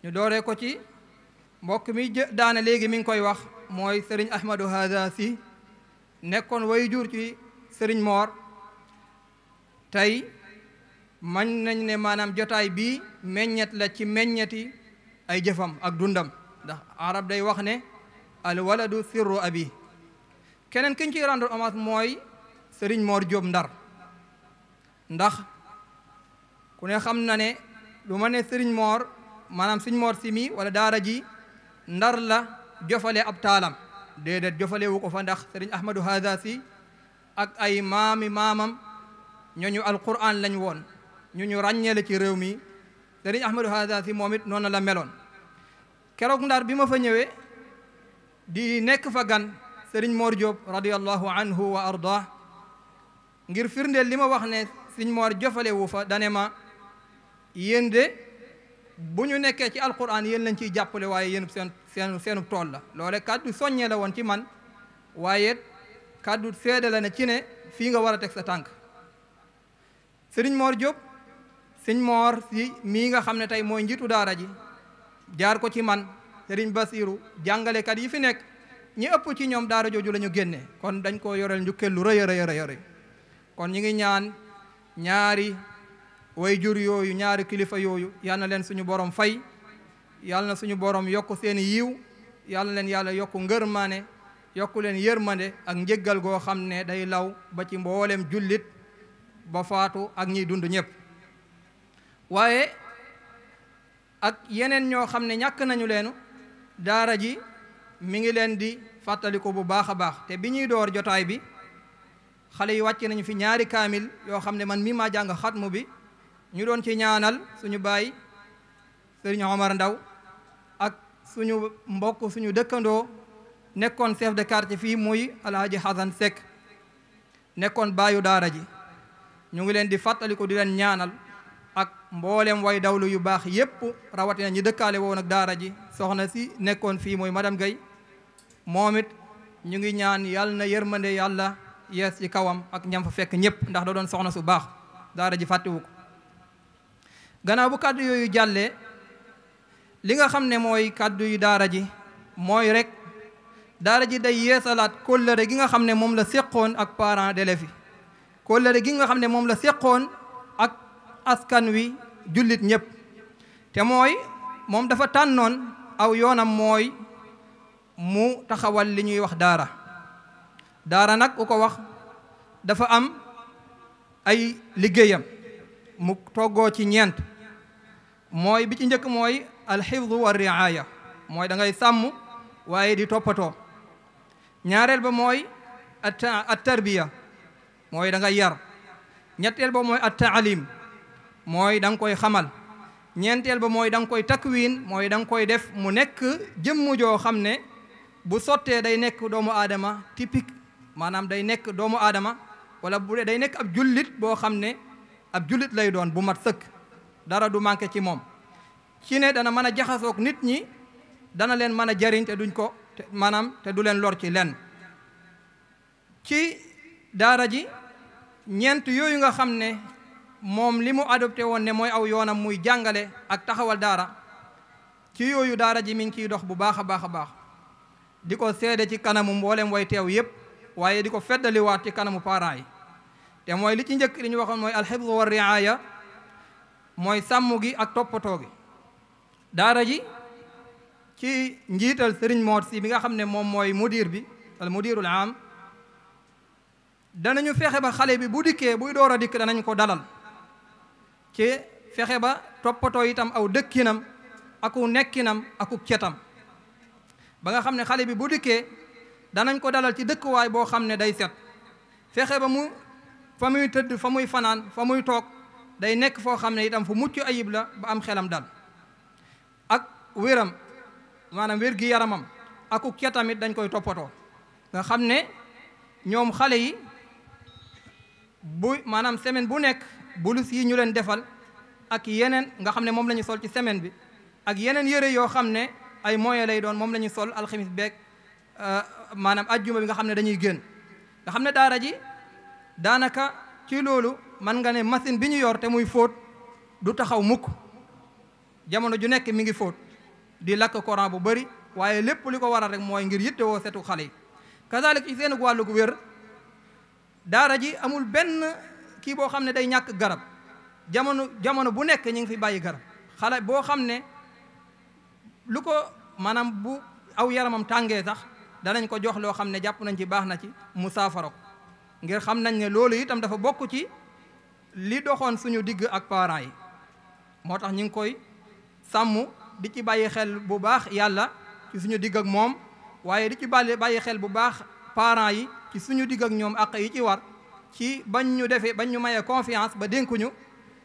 Speaker 8: ñu dooree ko ci mbokk mi daane léegi mi ngi koy wax mooy sëriñ ahmadou haza si nekkoon way jur ci sëriñ moor tey mañ nañ ne maanaam jotaay bii meññet la ci meññeti ay jëfam ak dundam ndax arab day wax ne al waladu sirru abi keneen kiñ ciy rendre hommage mooy sëriñ moor jóob ndar ndax ku ne xam na ne lu ma ne sëriñ moor maanaam suñ moor si mi wala daara ji ndar la jofale ab taalam déedéet jofale wu ko fa ndax sëriñ ahmadou haada si ak ay maami maamam ñooñu alquran lañ woon ñu ñu ràññeele ci réew mi sëriñ ahmadou haada si moom it noonu la meloon keroog ndar bi ma fa ñëwee di nekk fa gan sëriñ moor Diop radiallahu anhu wa ardah ngir firndeel lima wax ne sëriñ moor jofale wu fa dane ma yéen bu ñu nekkee ci alquran yéen lañ ciy jàppale waaye yéen seen seen seenu tool la loole kàddu soññee la woon ci man waaye kàddu seede la ne ci ne fii nga war a teg sa tànk sëriñ Mor Diop sëriñ Mor si mii nga xam ne tey mooy njiitu daara ji jaar ko ci man sëriñ Basiru jàngalekat yi fi nekk ñi ëpp ci ñoom daara jooju la ñu génne kon dañ koo yoreel njukkeel lu rëy a rëy a kon ñu ngi ñaan ñaari way jur yooyu ñaari kilifa yooyu yal na leen suñu borom fay yal na suñu borom yokk seen yiw yal na leen yàlla yokk ngërmaane yokku leen yërmande ak njëggal goo xam ne day law ba ci mboolem jullit ba faatu ak ñi dund ñëpp waaye ak yeneen ñoo xam ne ñàkk nañu leenu daara ji mu ngi leen di fàttaliku bu baax a baax te bi ñuy door jotaay bi xale yi wàcce nañu fi ñaari kaamil yoo xam ne man mii maa jàng xatmu bi ñu doon ci ñaanal suñu baay sëriñ Omar Ndaw ak suñu mbokk suñu dëkkandoo nekkoon chef de quartier fii mooy alhaji Hassan Seck nekkoon baayu daara ji ñu ngi leen di fàttaliku di leen ñaanal ak mboolem way dawlu yu baax yépp rawatina ñi dëkkaale woon ak daara ji soxna si nekkoon fii mooy madame Guèye moom it ñu ngi ñaan yàlla na yërmande yàlla yees ci kawam ak ñam fa fekk ñëpp ndax da doon soxna su baax daara ji fàttewu ko gannaaw bu kàddu yooyu jàllee li nga xam ne mooy kàddu yu daara ji mooy rekk daara ji day yeesalaat kóllëre gi nga xam ne moom la séqoon ak parents d'élèves yi kóllëre gi nga xam ne moom la séqoon ak askan wi jullit ñëpp te mooy moom dafa tànnoon aw yoonam mooy mu taxawal li ñuy wax daara daara nag ku ko wax dafa am ay liggéeyam mu toggoo ci ñeent mooy bi ci njëkk mooy alxifdu wa riaya mooy da ngay sàmm waaye di toppatoo ñaareel ba mooy at tarbiya mooy da ngay yar ñetteel ba mooy at taalim mooy da nga koy xamal ñeenteel ba mooy da nga koy takwiin mooy da nga koy def mu nekk jëmm joo xam ne bu sottee day nekk doomu aadama typique maanaam day nekk doomu aadama wala bu day nekk ab jullit boo xam ne ab jullit lay doon bu mat sëkk dara du manqué ci moom ci ne dana mën a jaxasoog nit ñi dana leen mën a jariñ te duñ ko maanaam te du leen lor ci leen ci daara ji ñeent yooyu nga xam ne moom li mu adopté woon ne mooy aw yoonam muy jàngale ak taxawal daara ci yooyu daara ji mi ngi ciy dox bu baax a baax a baax di ko seede ci kanamu mboolem way teew yépp waaye di ko feddaliwaat ci kanamu parents yi te mooy li ci njëkk li ñu waxoon mooy alxibdu wa riaya mooy sàmm gi ak toppatoo gi daara ji ci njiital sëriñ moot si bi nga xam ne moom mooy mudir bi al mudirul am danañu fexe ba xale bi bu dikkee buy door a dikk danañ ko dalal ci fexe ba toppatoo yitam aw dëkkinam aku nekkinam aku cetam ba nga xam ne xale bi bu dikkee danañ ko dalal ci dëkkuwaay boo xam ne day set fexe ba mu fa muy tëdd fa muy fanaan fa muy toog day nekk foo xam ne itam fu mucc ayib la ba am xelam dal ak wéram maanaam wér gi yaramam aku ca tamit dañ koy toppatoo nga xam ne ñoom xale yi bu maanaam semaine bu nekk bulus yi ñu leen defal ak yeneen nga xam ne moom la ñu sol ci semaine bi ak yeneen yére yoo xam ne ay moyen lay doon moom la ñu sol alxamis beeg euh, maanaam ajjuma bi nga xam ne dañuy génn nga xam daara ji daanaka ci loolu man nga ne machine bi ñu yor te muy fóot du taxaw mukk jamono ju nekk mi ngi fóot di lakk courant bu bari waaye lépp li ko waral rek mooy ngir yittewoo setu xale yi kazalik ci seen wàllug wér daara ji amul benn kii boo xam ne day ñàkk garab jamono jamono bu nekk ñu ngi fi bàyyi garab xale boo xam ne lu ko maanaam bu aw yaramam tàngee sax danañ ko jox loo xam ne jàpp nañ ci baax na ci mu saafara ko ngir xam nañ ne loolu itam dafa bokk ci li doxoon suñu digg ak parents yi moo tax ñu ngi koy sàmm di ci bàyyi xel bu baax yàlla ci suñu digg ak moom waaye di ci bàyyi bàyyi xel bu baax parent yi ci suñu digg ak ñoom ak yi ci war ci bañ ñu defee bañ ñu mayee confiance ba dénkuñu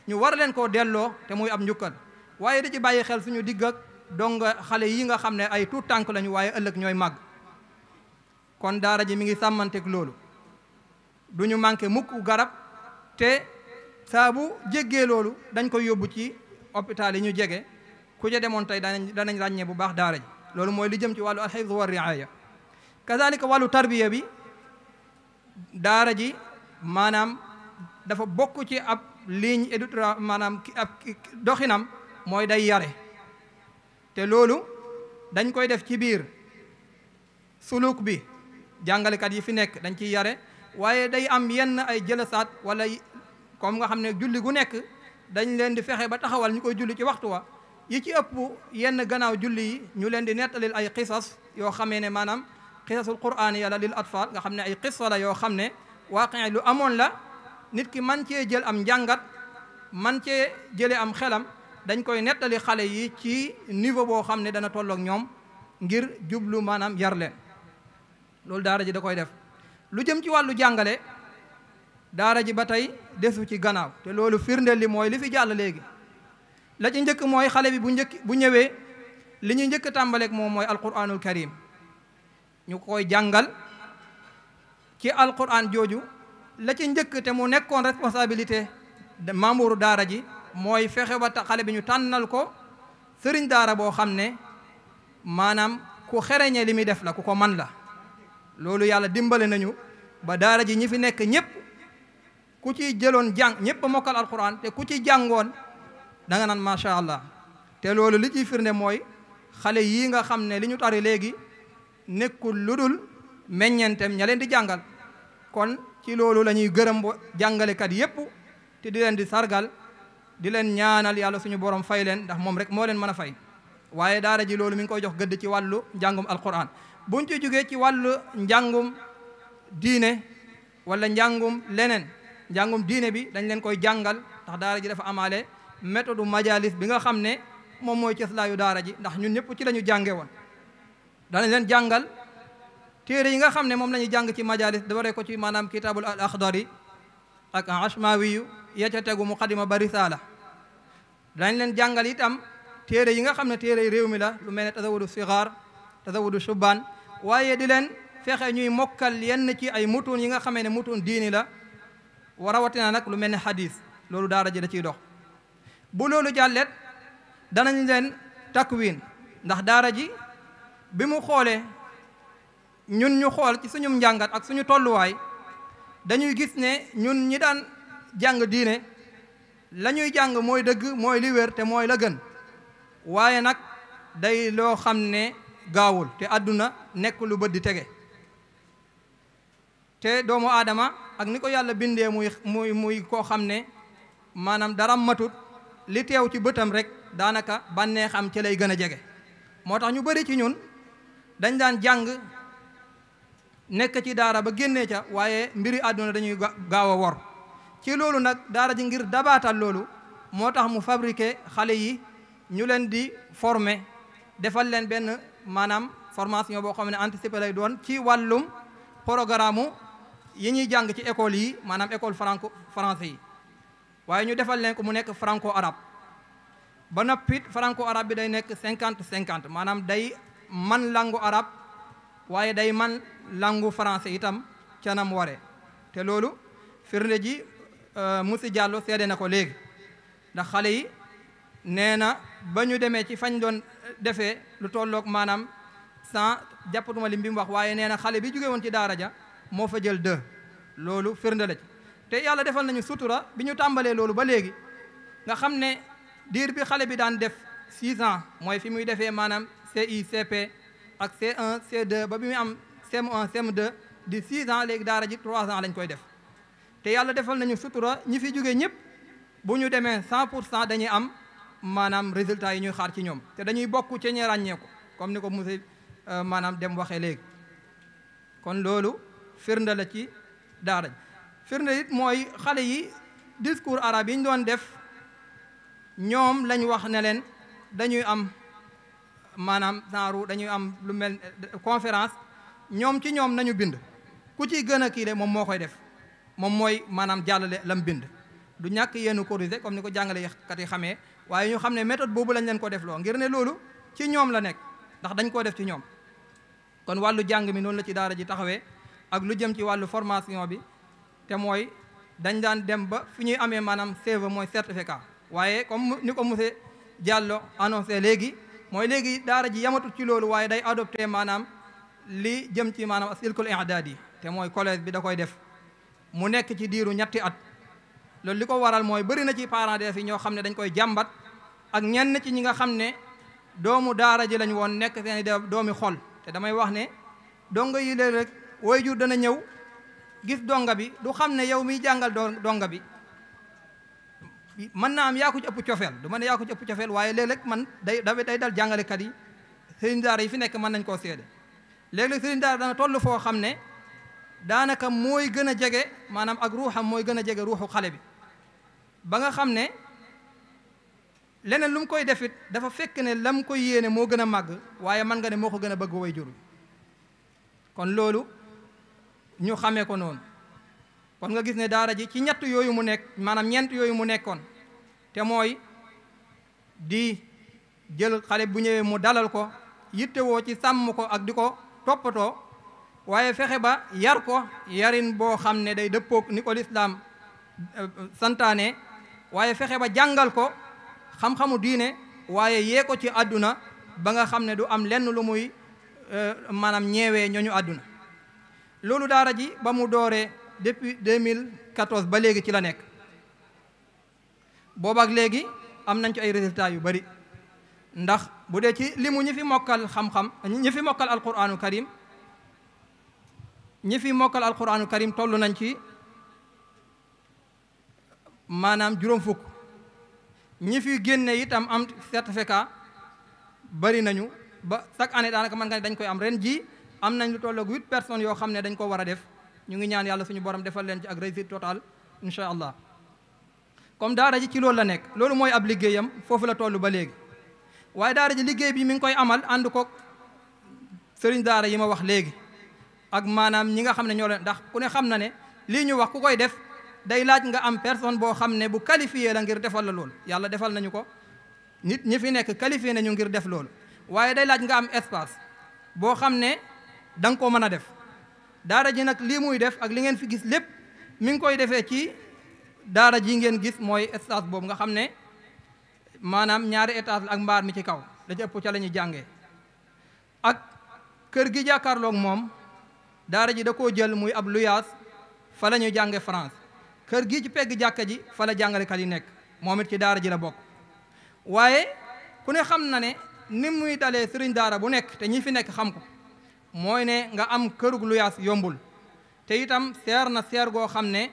Speaker 8: ñu war leen koo delloo te muy ab njukkal waaye di ci bàyyi xel suñu digg ak donc xale yi nga xam ne ay tuut tànk lañu waaye ëllëg ñooy màgg kon daara ji mi ngi sàmmanteeg loolu du ñu manqué mukk garab te saabu bu loolu dañ koy yóbbu ci hôpital yi ñu jege ku ca demoon tey danañ danañ ràññee bu baax daara ji loolu mooy li jëm ci wàllu alxifdu wa riaya kazalika wallu tarbiya bi daara ji maanaam dafa bokk ci ab ligne éditoriale maanaam ab doxinam mooy day yare te loolu dañ koy def ci biir suluk bi jàngalekat yi fi nekk dañ ciy yare waaye day am yenn ay jëlasaat wala comme nga xam ne julli gu nekk dañ leen di fexe ba taxawal ñu koy julli ci waxtu wa yi ci ëpp yenn gannaaw julli yi ñu leen di nettalil ay xisas yoo xamee ne maanaam xisasul quraan yàlla lil atfal nga xam ne ay xissa la yoo xam ne waaqi lu amoon la nit ki man cee jël am njàngat man cee jële am xelam dañ koy nettali xale yi ci niveau boo xam ne dana tolloog ñoom ngir jublu maanaam yar leen loolu daara ji da koy def lu jëm ci wàllu jàngale daara ji ba tey desu ci gannaaw te loolu firndeel li mooy li fi jàll léegi la ci njëkk mooy xale bi bu njëkk bu ñëwee li ñuy njëkk tàmbaleek moom mooy alquranul karim ñu koy jàngal ci alquran jooju la ci njëkk te mu nekkoon responsabilité membre daara ji mooy fexe ba xale bi ñu tànnal ko sëriñ daara boo xam ne maanaam ku xereñee li muy def la ku ko man la loolu yàlla dimbale nañu ba daara ji ñi fi nekk ñëpp ku ci jëloon jàng ñëpp mokkal alquran te ku ci jàngoon da nga naan macha allah te loolu li ci mooy xale yii nga xam ne li ñu tari léegi nekkul lu dul meññeentem ña leen di jàngal kon ci loolu la ñuy gërëm ba jàngalekat yëpp te di leen di sargal di leen ñaanal yàlla suñu borom fay leen ndax moom rek moo leen mën a fay waaye daara ji loolu mi ngi koy jox gëdd ci wàllu njàngum alquran buñ ci jógee ci wàllu njàngum diine wala njàngum leneen njàngum diine bi dañ leen koy jàngal ndax daara ji dafa amaale méthode majalis bi nga xam ne moom mooy cëslaayu daara ji ndax ñun ñëpp ci la ñu jànge woon danañ leen jàngal téere yi nga xam ne moom la jàng ci majalis dawaree ko ci maanaam kitabul al akhdari ak ashmawiyu ya ca tegu muqaddima ba risala danañ leen jàngal itam téere yi nga xam ne téere réew mi la lu mel ne tazawudu sigaar tazawudu shubban waaye di leen fexe ñuy mokkal yenn ci ay mutuun yi nga xamee ne mutuun diini la rawatina nag lu mel ni xadiis loolu daara ji da ciy dox bu loolu jàllet danañ leen takk takwin ndax daara ji bi mu xoolee ñun ñu xool ci suñu njàngat ak suñu tolluwaay dañuy gis ne ñun ñi daan jàng diine la ñuy jàng mooy dëgg mooy li wér te mooy la gën waaye nag day loo xam ne gaawul te àdduna nekk lu bët di tege te doomu aadama ak ni ko yàlla bindee muy muy muy koo xam ne maanaam dara matut li teew ci bëtam rek daanaka bànneexam ci lay gën a jege moo tax ñu bari ci ñun dañ daan jàng nekk ci daara ba génnee ca waaye mbiri àdduna dañuy gaaw a wor ci loolu nag daara ji ngir dabaatal loolu moo tax mu fabriqué xale yi ñu leen di former defal leen benn maanaam formation boo xam ne anticipé lay doon ci wàllum programme yi ñuy jàng ci école yi maanaam école franco français yi waaye ñu defal leen ko mu nekk franco arabe ba noppit franco arabe bi day nekk cinquante cinquante maanaam day man langu arab waaye day man langu français itam canam ware te loolu firnde ji euh, Moussi Diallo seede na ko léegi ndax xale yi nee na ba ñu demee ci fañ doon defee lu tollook maanaam sans jàppatuma lim bi mu wax waaye nee na xale bi jóge woon ci daara ja moo fa jël deux loolu firnde la ci te yàlla defal nañu sutura bi ñu tàmbalee loolu ba léegi nga xam ne diir bi xale bi daan def six ans mooy fi muy defee maanaam CI CP ak C1 c ba bi muy am CM1 CM2 di six ans léegi daara ji trois ans lañ koy def te yàlla defal nañu sutura ñi fi jógee ñëpp bu ñu demee cent pour cent dañuy am maanaam résultat yi ñuy xaar ci ñoom te dañuy bokk ci ñi ràññeeku comme ni ko monsieur euh, maanaam dem waxee léegi kon loolu firnde la ci daara ji firnde it mooy xale yi discours arabe yi ñu doon def ñoom lañ wax ne leen dañuy am maanaam genre dañuy am lu mel conférence ñoom ci ñoom nañu bind ku ciy gën a kii de moom moo koy def moom mooy maanaam jàllale lam bind du ñàkk yenn corrigé comme ni ko jàngale kat yi xamee waaye ñu xam ne méthode boobu lañ leen ko def loo ngir ne loolu ci ñoom la nekk ndax dañ koo def ci ñoom kon wàllu jàng mi noonu la ci daara ji taxawee ak lu jëm ci wàllu formation bi te mooy dañ daan dem ba fi ñuy amee maanaam CEVA mooy certificat waaye comme ni ko monsieur Diallo annoncé léegi mooy léegi daara ji yamatul ci loolu waaye day adopté maanaam li jëm ci maanaam asilkul i'dad yi te mooy collège bi da koy def mu nekk ci diiru ñetti at loolu li ko waral mooy bëri na ci parent des fi ñoo xam ne dañ koy jàmbat ak ñenn ci ñi nga xam ne doomu daara ji lañ woon nekk seen doomi xol te damay wax ne jur dana ñëw gis donga bi du xam ne yow miy jàngal donga bi mën naa am yaa ko ci ëpp cofeel du ma ne yaa ko ci ëpp cofeel waaye léeg-léeg man day day dal jàngalekat yi sëriñ daara yi fi nekk mën nañ koo seede léeg-léeg sëriñ daara dana toll foo xam ne daanaka mooy gën a jege maanaam ak ruuxam mooy gën a jege ruuxu xale bi ba nga xam ne leneen lum koy defit dafa fekk ne lam koy yéene moo gën a màgg waaye mën nga ne moo ko gën a bëgg way juru kon loolu ñu xamee ko noonu kon nga gis ne daara ji ci ñett yooyu mu nekk maanaam ñeent yooyu mu nekkoon te mooy di jël xale bu ñëwee mu dalal ko yittewoo ci sàmm ko ak di ko toppatoo waaye fexe ba yar ko yarin boo xam ne day dëppoog ni ko lislaam euh, santaane waaye fexe ba jàngal ko xam-xamu diine waaye yee ko ci àdduna ba nga xam ne du am lenn lu muy euh, maanaam ñeewee ñooñu àdduna loolu daara ji ba mu dooree depuis mille 2014 ba léegi ci la nekk boobaak léegi am nañ ci ay résultats yu bari ndax bu dee ci limu ñi fi mokkal xam-xam ñi fi mokkal alquranu karim ñi fi mokkal alquranu karim toll nañ ci maanaam juróom fukk ñi fi génne itam am certificat bari nañu ba chaque année daanaka mën nga ne dañ koy am ren ji am nañ lu tolloog huit personnes yoo xam ne dañ ko war a def ñu ngi ñaan yàlla suñu borom defal leen ci ak réussite totale allah comme daara ji ci loolu la nekk loolu mooy ab liggéeyam foofu la toll ba léegi waaye daara ji liggéey bi mu ngi koy amal ànd ko sëriñ daara yi ma wax léegi ak maanaam ñi nga xam ne ñoo leen ndax ku ne xam na ne lii ñu wax ku koy def day laaj nga am personne boo xam ne bu qualifié la ngir defal la lool yàlla defal nañu ko nit ñi fi nekk qualifié nañu ngir def loolu boo xam ne danga ko koo mën a def daara ji nag lii muy def ak li ngeen fi gis lépp mi ngi koy defee ci daara ji ngeen gis mooy stage boobu nga xam ne maanaam ñaari étage la ak mbaar mi ci kaw da ci ca la ñuy jàngee ak kër gi jàkkaarloog moom daara ji da koo jël muy ab luyaas fa la ñuy jànge France kër gi ci pegg jàkka ji fa la jàngalekat yi nekk moom it ci daara ji la bokk waaye ku ne xam na ne ni muy dalee sëriñ daara bu nekk te ñi fi nekk xam ko mooy ne nga am kërug luyaas yombul te itam seer na seer goo xam ne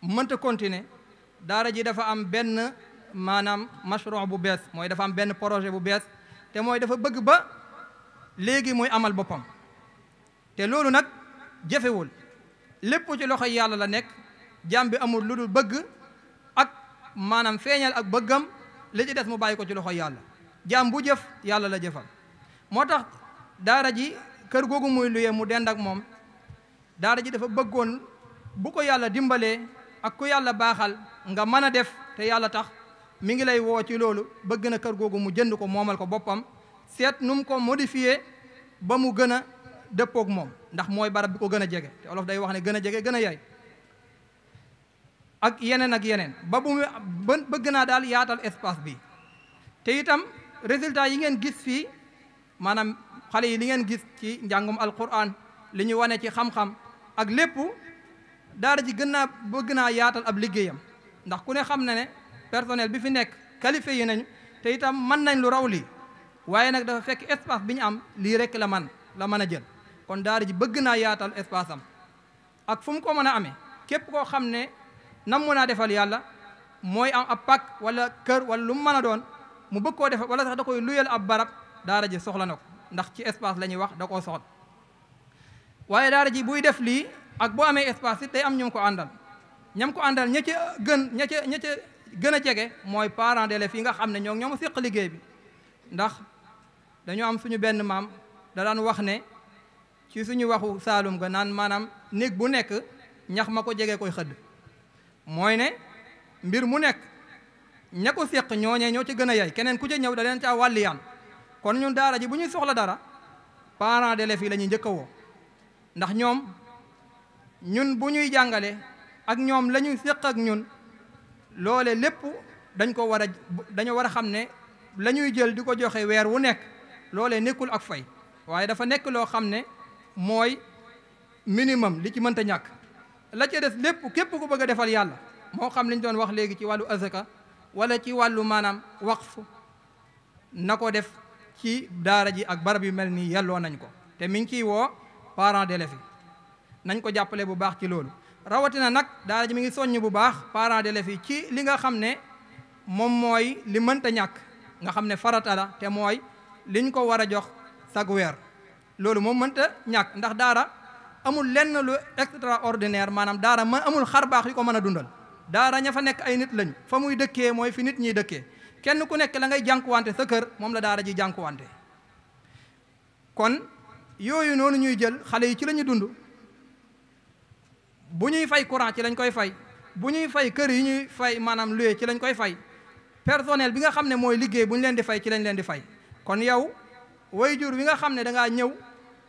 Speaker 8: mënta continuer daara ji dafa am benn maanaam mashru bu bees mooy dafa am benn projet bu bees te mooy dafa bëgg ba léegi mooy amal boppam te loolu nag jëfewul lépp ci loxo yàlla la nekk jaam bi amul lu dul bëgg ak maanaam feeñal ak bëggam li ci des mu bàyyi ko ci loxo yàlla jaam bu jëf yàlla la jëfal moo tax daara ji kër googu muy luyee mu dend moom daal daara ji dafa bëggoon bu ko yàlla dimbalee ak ku yàlla baaxal nga mën a def te yàlla tax mu ngi lay woo ci loolu bëgg na kër googu mu jënd ko moomal ko boppam seet nu ko modifié ba mu gën a dëppoog moom ndax mooy barab bi ko gën a jege te olof day wax ne gën a jege gën a yaay ak yeneen ak yeneen ba bu mu bëgg naa daal yaatal espace bi te itam résultat yi ngeen gis fii maanaam xale yi li ngeen gis ci njàngum alquran li ñu wane ci xam-xam ak lépp daara ji gën naa bëgg naa yaatal ab liggéeyam ndax ku ne xam na ne personnel bi fi nekk qualifié yi nañu te itam mën nañ lu raw li waaye nag da fekk espace bi ñu am lii rek la man la mën a jël kon daara ji bëgg naa yaatal espace am ak fu mu ko mën a amee képp koo xam ne nam mun naa defal yàlla mooy am ab pak wala kër wala lu mu doon mu bëgg koo defal wala sax da koy luyal ab barab daara ji soxla na ko ndax ci espace la ñuy wax da koo soxla waaye daara ji buy def lii ak boo amee espace it tey am ñum ko àndal ñam ko àndal ña ca gën ña ca ña ca gën a jege mooy parents d'élèves yi nga xam ne ñoo ñoom séq liggéey bi ndax dañoo am suñu benn maam da daan wax ne ci suñu waxu saalum ga naan maanaam néeg bu nekk ñax ma ko jege koy xëdd mooy ne mbir mu nekk ña ko séq ñooñee ñoo ci gën a yay keneen ku ca ñëw da leen caa wàlliyaan kon ñun daara ji bu ñuy soxla dara parent d'élèves yi la ñuy a woo ndax ñoom ñun bu ñuy jàngale ak ñoom la ñuy ak ñun loole lépp dañ ko war a dañu war a xam ne la ñuy jël di ko joxe weer wu nekk loolee nekkul ak fay waaye dafa nekk loo xam ne mooy minimum li ci mënta ñàkk la ca des lépp képp ko bëgg a defal yàlla moo xam li doon wax léegi ci wàllu azaka walla ci wàllu maanaam waqf na ko def ci daara ji ak barab yu mel nii yelloo nañ ko te mi ngi ciy woo parents d'élèves yi nañ ko jàppale bu baax ci loolu rawatina nag daara ji mi ngi soññ bu baax parents d'élèves yi ci li nga xam ne moom mooy li mënta ñàkk nga xam ne farata te mooy liñ ko war a jox sag weer loolu moom mënta ñàkk ndax daara amul lenn lu extraordinaire maanaam daara ma amul xar baax yu ko mën a dundal daara ña fa nekk ay nit lañ fa muy dëkkee mooy fi nit ñiy dëkkee kenn ku nekk la ngay jànkuwante sa kër moom la daara ji wante kon yooyu noonu ñuy jël xale yi ci la ñu dund bu ñuy fay courant ci lañ koy fay bu ñuy fay kër yi ñuy fay maanaam luye ci lañ koy fay personnel bi nga xam ne mooy liggéey bu ñu leen di fay ci lañ leen di fay kon yow jur wi nga xam ne da ñëw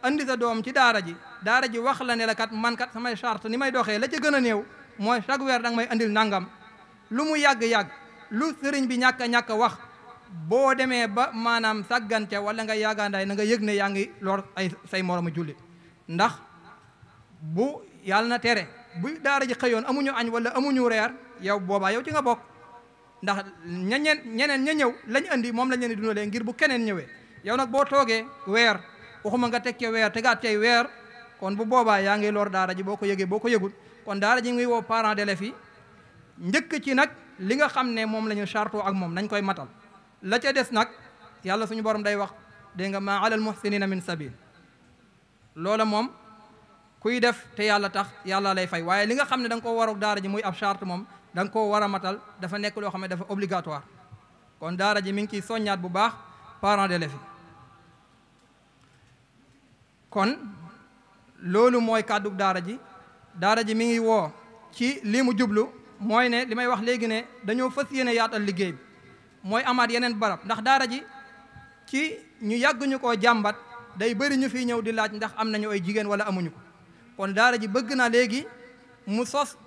Speaker 8: andi sa doom ci daara ji daara ji wax la ne la kat man kat samay charte ni may doxee la ca gën a néew mooy chaque weer danga may andil nangam lu mu yàgg-yàgg. lu sëriñ bi ñàkk a ñàkk a wax boo demee ba maanaam sàggante wala nga yaagaandaay na nga yëg ne yaa ngi lor ay say moromu jullit ndax bu yàlla na tere bu daara ji xëyoon amuñu añ wala amuñu reer yow boobaa yow ci nga bokk ndax ñañeen ñeneen ña ñëw lañ andi moom lañ leen di dundalee ngir bu keneen ñëwee yow nag boo toogee weer u waxuma nga teg ca weer tegaat cay weer kon bu boobaa yaa ngi lor daara ji boo ko yëgee boo ko yëgul kon daara ji ngi woo parents d'élèves yi njëkk ci nag li nga xam ne moom la ñu chartoo ak moom nañ koy matal la ca des nag yàlla suñu borom day wax dégg nga ma maa alal muhsinina min sabil loola moom kuy def te yàlla tax yàlla lay fay waaye li nga xam ne da nga koo war ak daara ji muy ab charte moom danga nga koo war a matal dafa nekk loo xam ne dafa obligatoire kon daara ji mi ngi ciy soññaat bu baax parents de yi kon loolu mooy kàddu daara ji daara ji mi ngi woo ci li mu jublu mooy ne li may wax léegi ne dañoo fas yéene yaatal liggéey bi mooy amaat yeneen barab ndax daara ji ci ñu yàgg ñu koo jàmbat day bëri ñu fiy ñëw di laaj ndax am nañu ay jigéen wala amuñu ko kon daara ji bëgg na léegi mu sos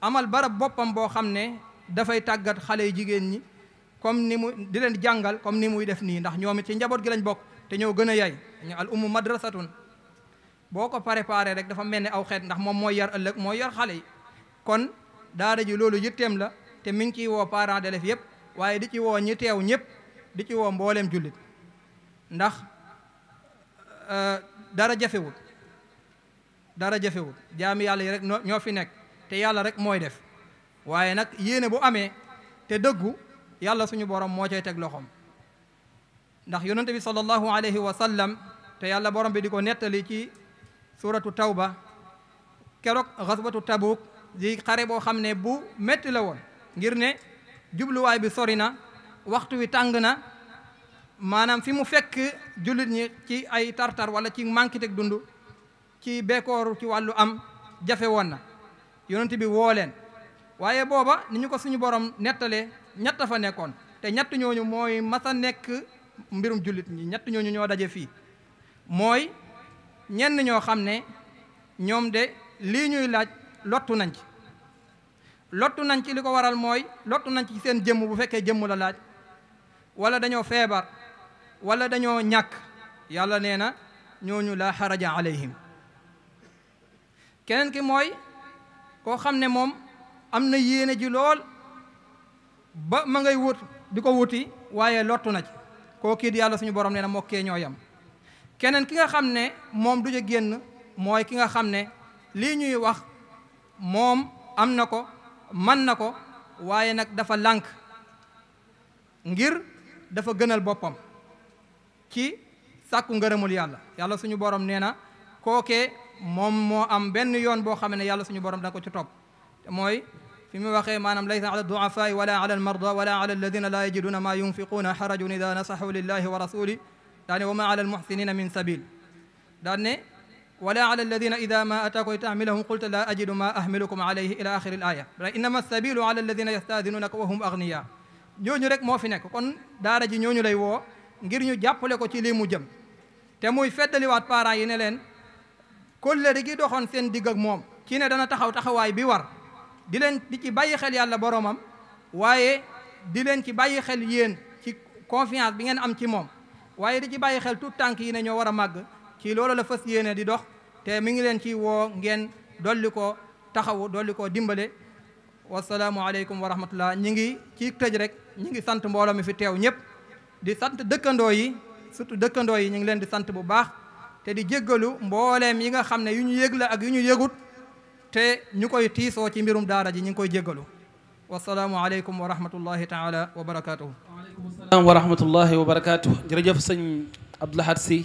Speaker 8: amal barab boppam boo xam ne dafay tàggat xale yu jigéen ñi comme ni mu di leen jàngal comme ni muy def nii ndax ñoom ci njaboot gi lañ bokk te ñoo gën a yay ñu al ummu madrasatun boo ko préparé rek dafa mel ni aw xeet ndax moom mooy yar ëllëg mooy yar xale yi daara ji loolu yitteem la te mi ngi ciy woo parents d'élèves yëpp waaye di ci woo ñi teew ñëpp di ci woo mbooleem jullit ndax euh, dara jafewul dara jafewul jaami yàlla yi rek ñoo fi nekk te yàlla rek mooy def waaye nag yéene bu amee te dëggu yàlla suñu borom moo cay teg loxoom ndax yonente bi sallallahu alayhi wa sallam te yàlla borom bi di ko nettali ci suratu tawba keroog xaswatu tabuk ji xare boo xam ne bu métti la woon ngir ne jubluwaay bi sori na waxtu wi tàng na maanaam fi mu fekk jullit ñi ci ay tartar wala ci manqué teg dund ci bekooru ci wàllu am jafe woon na yonent bi wooleen waaye booba ni ñu ko suñu borom nettalee ñett fa nekkoon te ñett ñooñu mooy masa nekk mbirum jullit ñi ñett ñooñu ñoo daje fii mooy ñenn ñoo xam ne ñoom de lii ñuy laaj lottu nañ ci lottu nañ ci li ko waral mooy lottu nañ ci seen jëmm bu fekkee jëmm la laaj wala dañoo feebar wala dañoo ñàkk yàlla nee na ñooñu la xaraja alayhim keneen ki mooy koo xam ne moom am na yéene ji lool ba ma ngay wut di ko wuti waaye lottu na ci koo kii yàlla suñu borom nee na mokkee ñoo yam keneen ki nga xam ne moom du ca génn mooy ki nga xam ne lii ñuy wax moom am na ko man na ko waaye nag dafa lànk ngir dafa gënal boppam ki sàkku ngërëmul yàlla yàlla suñu borom nee na kookee moom moo am benn yoon boo xam ne yàlla suñu borom da ko ci topp te mooy fi mu waxee maanaam laysa ala duafai wala ala almarda wala ala alladina laa yajiduna maa yunfiquuna xarajun ida nasaxu lillahi wa rasuli daane wa ma ala almuxsinina min sabil daane ولا على الذين إذا ما أتاك لتحملهم قلت لا أجد ما أحملكم عليه إلى آخر الآية إنما السبيل على الذين يستأذنونك وهم أغنياء ñooñu rek moo fi nekk kon daara ji ñooñu lay woo ngir ñu jàppale ko ci lii mu jëm te muy feddaliwaat parents yi ne leen kóllëre gi doxoon seen digg ak moom ci ne dana taxaw taxawaay bi war di leen di ci bàyyi xel yàlla boromam waaye di leen ci bàyyi xel yéen ci confiance bi ngeen am ci moom waaye di ci bàyyi xel tout tànk yi ne ñoo war a màgg ci loolu la fas yéene di dox te mi ngi leen ci woo ngeen dolli koo taxawu dolli koo dimbale wasalaamualeykum wa rahmatullah ñi ngi ci tëj rek ñi ngi sant mbooloo mi fi teew ñëpp di sant dëkkandoo yi surtout dëkkandoo yi ñu ngi leen di sant bu baax te di jéggalu mbooleem yi nga xam ne yu ñu yëgla ak yu ñu yëgut te ñu koy tiisoo ci mbirum daara ji ñu ngi koy jéggalu wasalaamualeykum wa rahmatullahi taala wa barakaatuhu. waaleykum salaam wa
Speaker 5: rahmatullahi wa barakaatuhu jërëjëf sëñ Abdoulahat Si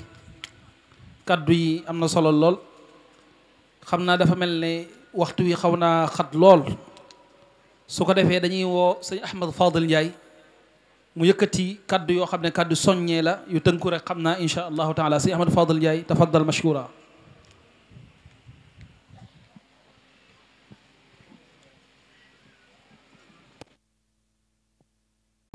Speaker 5: kàddu yi am na solo lool xam naa dafa mel ne waxtu wi xaw naa xat lool su ko defee dañuy woo sëñ Ahmad Fadil njaay mu yëkkati kàddu yoo xam ne kaddu soññee la yu tënku rek xam naa incha allahu taala sëñ Ahmad Fadil Ndiaye tafaddal mashkura